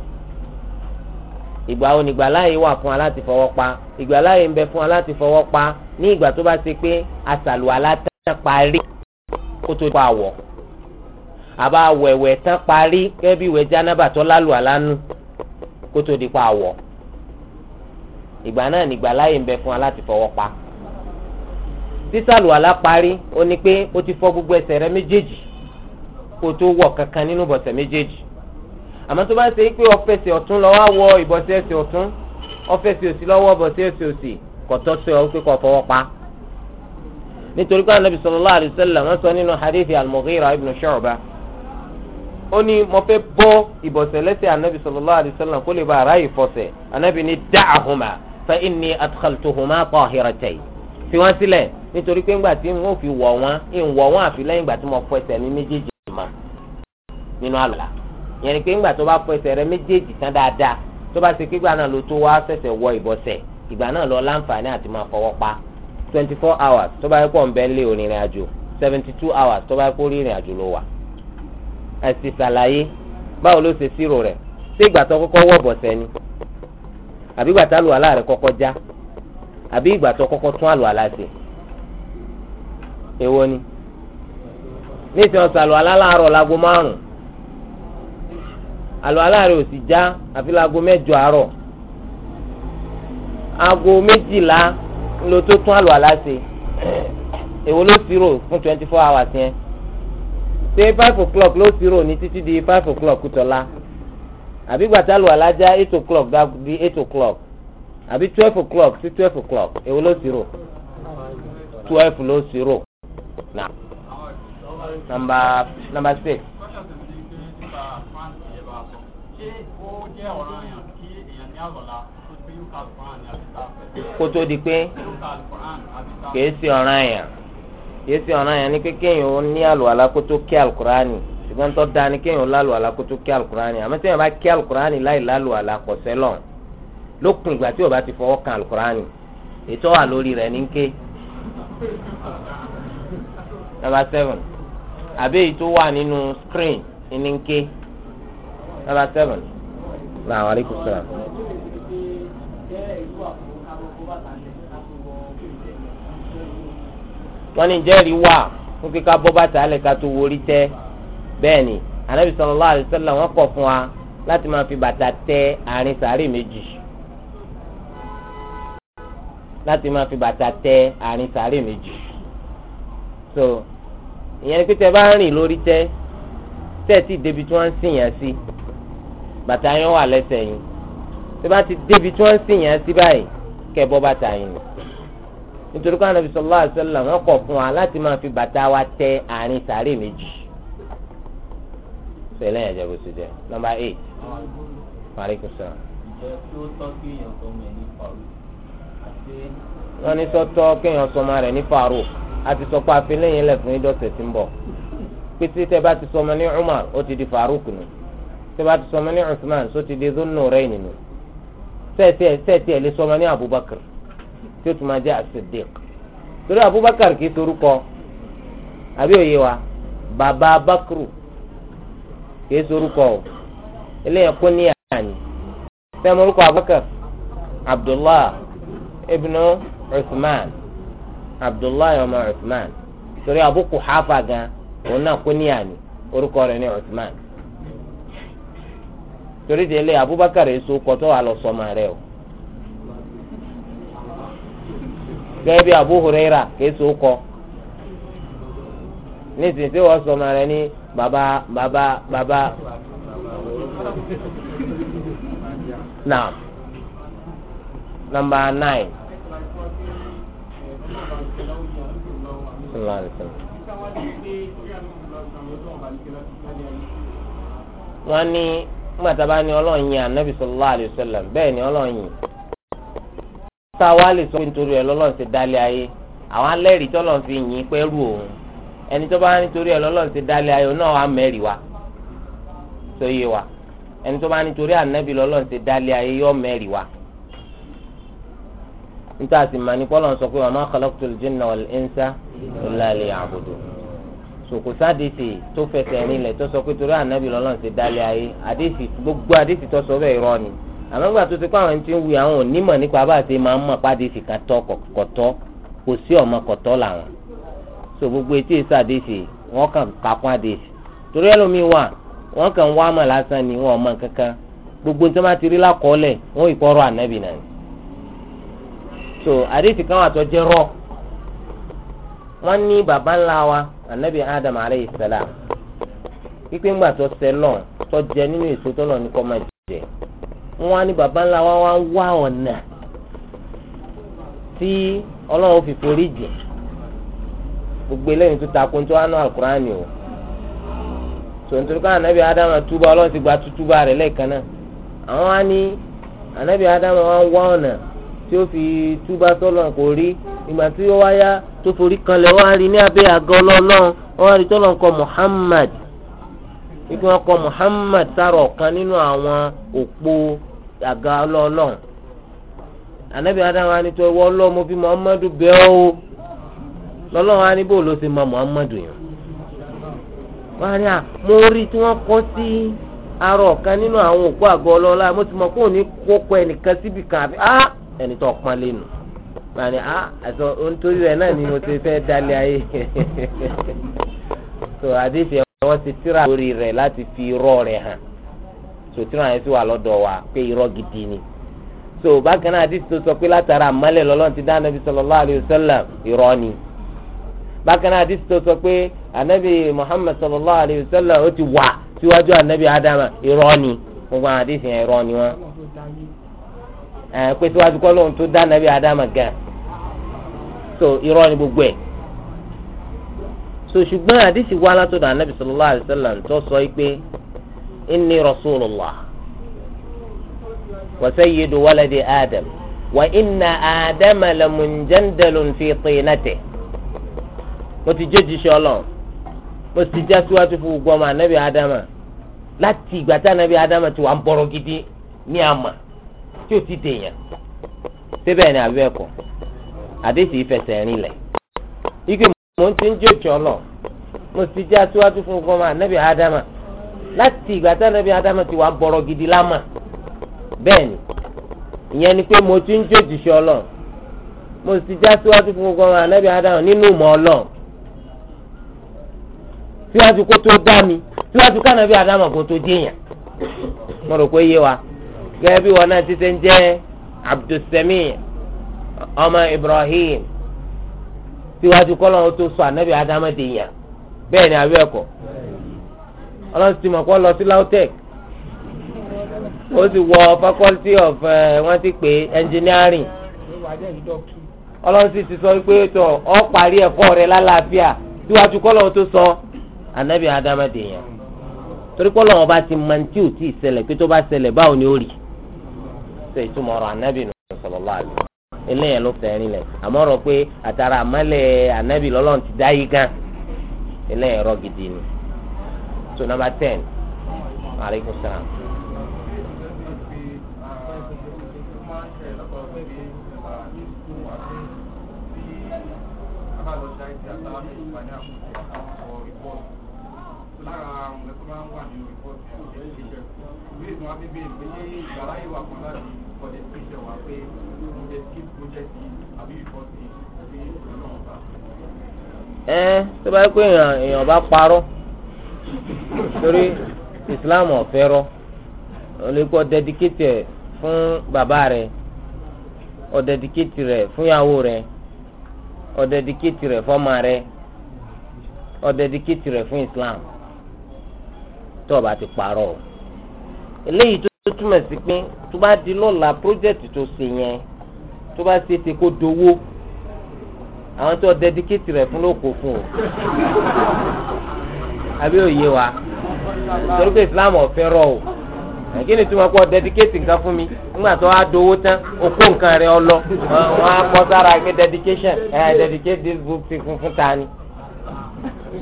ìgbà wo nìgbà láàyè wà fún wa láti fọwọ́ pa ìgbà láàyè ń bẹ fún wa láti fọwọ́ pa ní ìgbà tó bá ṣe pé àṣàlùwàlá tán parí kó tó pa àwọ̀ àbá wẹ̀wẹ̀ tán parí kẹ́bí ìwẹ̀ jánábà tó lálùwàlá nù kó tó di pa ìgbà náà nìgbà láàyè ń bẹ fún wa fọwọ́ pa sísàlùwàlá parí ó ní pé ó ti fọ gbogbo ẹsẹ̀ rẹ méjèèjì kó tó wọ̀ kankan nínú bọ̀sẹ̀ méjèèjì àmọ́ tó bá ṣe é pé ọfẹsẹ̀ ọ̀tún lọ wá wọ ìbọ̀sẹ̀ ẹsẹ̀ ọ̀tún ọfẹsẹ̀ òsì lọ wọ ìbọ̀sẹ̀ ẹsẹ̀ òsì kọtọ sọ ọ pé kọ fọwọ́ pa nítorí pé anabi sallallahu alaihi wasallam wọn sọ nínú hadithi al-Mughira ibn Shu'ba ó ní mo fẹ́ bọ́ ìbọ̀sẹ̀ lẹ́sẹ̀ anabi sallallahu alaihi kó lè ba ara yìí fọsẹ̀ anabi ní da'ahuma fa inni adkhaltuhuma tahiratayn fi wọ́n sílẹ̀ nítorí pé ńgbà tí mo fi wọ̀ wọ́n ń wọ́n àfi lẹ́yìn ìgbà tí mo fọ ẹsẹ̀ ní méjèèjì ma nínú àlùlá. yẹn ni pé ńgbà tó bá fọ rẹ méjèèjì tán dáadáa tó bá ṣe kígbà náà ló tó wá ṣẹ̀ṣẹ̀ wọ ìbọ̀sẹ̀ ìgbà náà lọ láǹfààní àti máa fọwọ́ pa twenty four hours tó bá yẹ kó àjò seventy two hours tó bá yẹ kó àjò ló wà. ẹ sì ṣàlàyé báwo ló ṣe sírò ṣé ìgbà tó kọ́kọ́ wọ̀ bọ̀sẹ̀ ni àbí ìgbà kọ́kọ́ já àbí ìgbà tó kọ́kọ́ tún ṣe èwo ni ní àlùwàlá rẹ̀ ò sì já àfi láago mẹ́jọ àárọ̀ aago méjìlá ló tó tún àlùwàlá ṣe èwo ló ṣírò fún twenty four hours yẹn ṣé five o'clock ló ṣírò ní títí di five o'clock tọ́lá àbí gbàtà àlùwàlá já eight o'clock di eight o'clock àbí twelve o'clock sí twelve o'clock èwo ló ṣírò twelve ló ṣírò na number number six ṣé ó jẹ́ ọ̀ràn èèyàn kí èèyàn ní àlọ́lá tó ti yóò ka alukoran ní abisa fẹ́. kó tó di pé kìí sí ọ̀ràn èèyàn kìí sí ọ̀ràn èèyàn ní pé kéèyàn ó ní àlọ́lá kó tó kí alukorani ṣùgbọ́n tó dáa ni kéèyàn ó lálùwàlá kó tó kí alukorani àmọ́ tí èèyàn bá kí alukorani láì lálùwàlá kò sẹ́lọ̀ lópin ìgbà tí ó bá ti fọwọ́ kan alukorani ètò wà lórí rẹ̀ ní ké number seven àbẹ́yìí tó wà nínú screen ní ké number seven làwọn aríkù sọ̀rọ̀. wọ́n ní jẹ́rìí wà fún kíká bọ́ bàtà alẹ́ ká tó worí tẹ́ bẹ́ẹ̀ ni anabi sallallahu alaihi wasallam wọ́n kọ̀ fún wa láti máa fi bàtà tẹ àárín sàárè méjì láti máa fi bàtà tẹ àárín sàárè méjì so ìyẹn ni pé tẹ bá ń rìn lórí tẹ tẹ ti débi tí wọ́n ń sìn yẹn sí bàtà yẹn wà lẹ́sẹ̀ yín tí bá ti débi tí wọ́n ń sìn yẹn sí báyìí kẹ́ bọ́ bàtà yín ni nítorí pé anabi sallallahu alaihi wasallam wọ́n kọ̀ fún wa láti máa fi bàtà wa tẹ àárín sàárè méjì sẹlẹ yẹn jẹ bó ti jẹ nọ́mbà eight maaleykum salaam. wọ́n ní sọ́tọ́ kéèyàn sọmọ rẹ̀ ní faru àti sọ pé àfihàn yẹn lẹ̀ fún ń bọ̀ pété tẹ́ bá ti sọmọ ní umar ó ti di faru kùnú tẹ́bà ti sọmọ ní Usman so ti di dúnú rẹ̀ nínú sẹ́ẹ̀tì ẹ̀ lè sọmọ ní Abubakar tí ó tún máa jẹ́ as-Siddiq torí Abubakar kì í sorúkọ àbí òye wa bàbá Bakru kì í sorúkọ o eléyà kó ní àní sẹ́mi orúkọ Abubakar Abdullah ibnu Usman Abdullah ọmọ Usman torí Abu Quhafa gan òun náà kó ní àní Usman. torí de ilé Abubakar èso kọtọ wà lọ sọmọ rẹ o gẹ́gẹ́ bí Abu Huraira késo kọ nísinsìnyí wọ́n sọmọ rẹ ní baba baba baba na namba nine. wọ́n ní. nígbà tá a bá ní ọlọ́run yin anabi sallallahu alayhi wa sallam bẹ́ẹ̀ ni ọlọ́run yin tá a wá lè sọ pé nítorí ẹ lọ́lọ́run ti dálé ayé àwọn alẹ́rìí tí ọlọ́run fi yìn pẹ́ rú òun ẹni tó bá nítorí ẹ lọ́lọ́run ti dálé ayé òun náà wà mẹ́rìí wa tó yé wa ẹni tó bá nítorí anabi lọ́lọ́run ti dálé ayé yọ mẹ́rìí wa níta sì mà ní sọ pé wa ma khalaqtul jinna wal insa illa liya'budun sòkòsá àdìsí tó fẹsẹ̀ rinlẹ̀ tó sọ pé torí ànábì lọ́lọ́run ti dálé ayé àdìsí gbogbo àdìsí tó sọ bẹ́ẹ̀ irọ́ ni àmọ́ gbà tó ti kó àwọn tí ń wí àwọn onímọ̀ nípa bá a ṣe máa ń mọ̀ pàdésì kan tọ́ kọ̀tọ́ kò sí ọmọ kọ̀tọ́ làwọn so gbogbo etí èso àdéṣe wọ́n kàn kakún àdéṣe torí ẹlòmíín wà wọ́n kàn wá mọ̀ lásán ni wọ́n mọ̀ kankan gbogbo nítorí wọ́n ti rí lákọọ́lẹ̀ wọ́n ìkọrọ ànábì náà so àdéṣe kan wà tó wọ́n ní baba ńlá wa anabi adam aleyhi salam pípé ńgbà tó ṣẹ náà tó jẹ nínú èso tó náà ní kó máa jẹ wọ́n ní baba ńlá wa wá wá ọ̀nà tí ọlọ́run fi forí jì gbogbo eléyìí tó takò tó wá náà alukurani o tòǹtòrò ká anabi adam túbọ̀ ọlọ́run ti gba tútúbà rẹ̀ lẹ́ẹ̀kan náà àwọn á ní anabi adam wá wá ọ̀nà tí ó fi túbà sọ́lọ̀ kò rí. ìgbà tí ó wáyá tó forí kanlẹ̀ wọ́n á rí ní abẹ́ àgọ́ wọ́n rí tó lọ́nkọ Muhammad ikú wọn kọ Muhammad sára ọ̀kan nínú àwọn òpó àga ọlọ́ọ̀lọ́ọ̀ ànábì Ádámù á ní tó wọ́ Muhammadu be o lọ́lọ́wọ́ á ló mọ Muhammadu yẹn wọ́n á à mo arọ ọ̀kan nínú àwọn òpó àgọ́ mo ti mọ̀ kó o ní kókó ẹnìkan àbí ẹnìtọ́ màní a àtọ nítorí rẹ̀ náà ni mo ti fẹ́ dalẹ̀ ayé so àdéhìí wọ́n ti tírà lórí rẹ̀ láti fi irọ́ rẹ̀ hàn so tírà yẹn sì wà lọ́dọ̀ wa pé irọ́ gidi ni so bákan náà àdéhìí tó sọ pé látara àmọ́lẹ̀ lọ́lọ́run ti dá anabi sallallahu alayhi wa sallam ni bákan náà àdéhìí tó sọ pé anabi muhammad sallallahu alayhi wa sallam ti wà síwájú anabi adama irọ́ ni gbogbo àdéhìí yẹn irọ́ ni wọ́n ẹ pé síwájú kọ́ lóun tó dá nàbí adama gan so irọ́ ni gbogbo ẹ̀ so ṣùgbọ́n àdìsí wa látọ̀dọ̀ anabi sallallahu alayhi wa tó sọ pé inni rasulullah wa waladi adam wa inna adama lamunjandalun fi tinatihi mo ti jẹ́ jíṣẹ́ mo sì já síwájú fún gbogbo ọmọ adama láti ìgbà tí anabi adama ti wà ń bọ̀rọ̀ gidi ní àmà. tí o ti dèèyàn síbẹ̀ ni àbí ẹ̀kọ́ ìfẹsẹ̀ rìn lẹ̀ ike mo ti ń jó jọlọ mo ti jẹ́ aṣíwájú fún gọ́mà anábì ádámà láti ìgbà tí ádámà ti wà bọ̀rọ̀ gidi lámà bẹ́ẹ̀ ni ìyẹn ni pé mo ti ń jó mo ti fún ádámà nínú ìmọ̀ síwájú kó tó dá mi síwájú gẹ́gẹ́ bí wọn náà ti ṣe abdulsami ọmọ ibrahim tiwájú kọ́lọ́ wọn tó sọ anabi adama dèèyàn bẹ́ẹ̀ ni àwẹ̀ ẹ̀kọ́ ọlọ́run ti mọ̀ kọ́ lọ sí lautech ó sì wọ faculty of wọ́n ti pè engineering ọlọ́run sì ti sọ pé tọ ọ parí ẹ̀kọ́ rẹ lálàáfíà tiwájú kọ́lọ́ wọn tó sọ anabi adama dèèyàn torí kọ́lọ́ wọn bá ti mọ̀ ní tí ò tí ì ṣẹlẹ̀ pé tó bá ṣẹlẹ̀ báwo ni ó rí i ṣe ìtumọ̀ ọ̀rọ̀ anábì nù sallallahu alaihi wasallam eléyẹn ló fẹ́ rinlẹ̀ àmọ́ rọ pé àtàrà àmọ́lẹ̀ anábì lọ́lọ́run ti dá yìí gan eléyẹn rọ gidi ni so number ten aleykum salaam. lára pé mo jẹ kí mo jẹ sí àbí ìfọ̀sí àbí ìfọ̀sí náà bá. ẹ tó bá yẹ pé èèyàn èèyàn bá parọ́ torí Islam ọ̀fẹ́ rọ́ olùkọ́ dedicate fún bàbá rẹ̀ ó dedicate rẹ̀ fún ìyàwó rẹ̀ ó dedicate rẹ̀ fọ́mọ rẹ̀ ó dedicate rẹ̀ fún Islam tó o bá ti parọ́ eléyìí tó tó túmọ̀ sí pé tó bá di lọ́la pírójẹ́tì tó ṣe yẹn tó bá ṣe ti kó dowó àwọn tó dẹdíkéètì rẹ̀ fún lóko fún o àbí òye wa torí pé Islam ọ̀fẹ́ rọ̀ o kí ni túmọ̀ pọ̀ dẹdíkéètì nǹkan fún mi nígbà tó wá dowó tán o kó nǹkan rẹ ọ lọ wọn á kọ sára pé dedication ẹ dedicate this book ti fún fún ta ni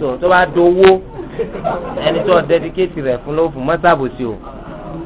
so tó bá dowó ẹni tó dẹdíkéètì rẹ̀ fún lóko fún mọ́sáàbòsí o.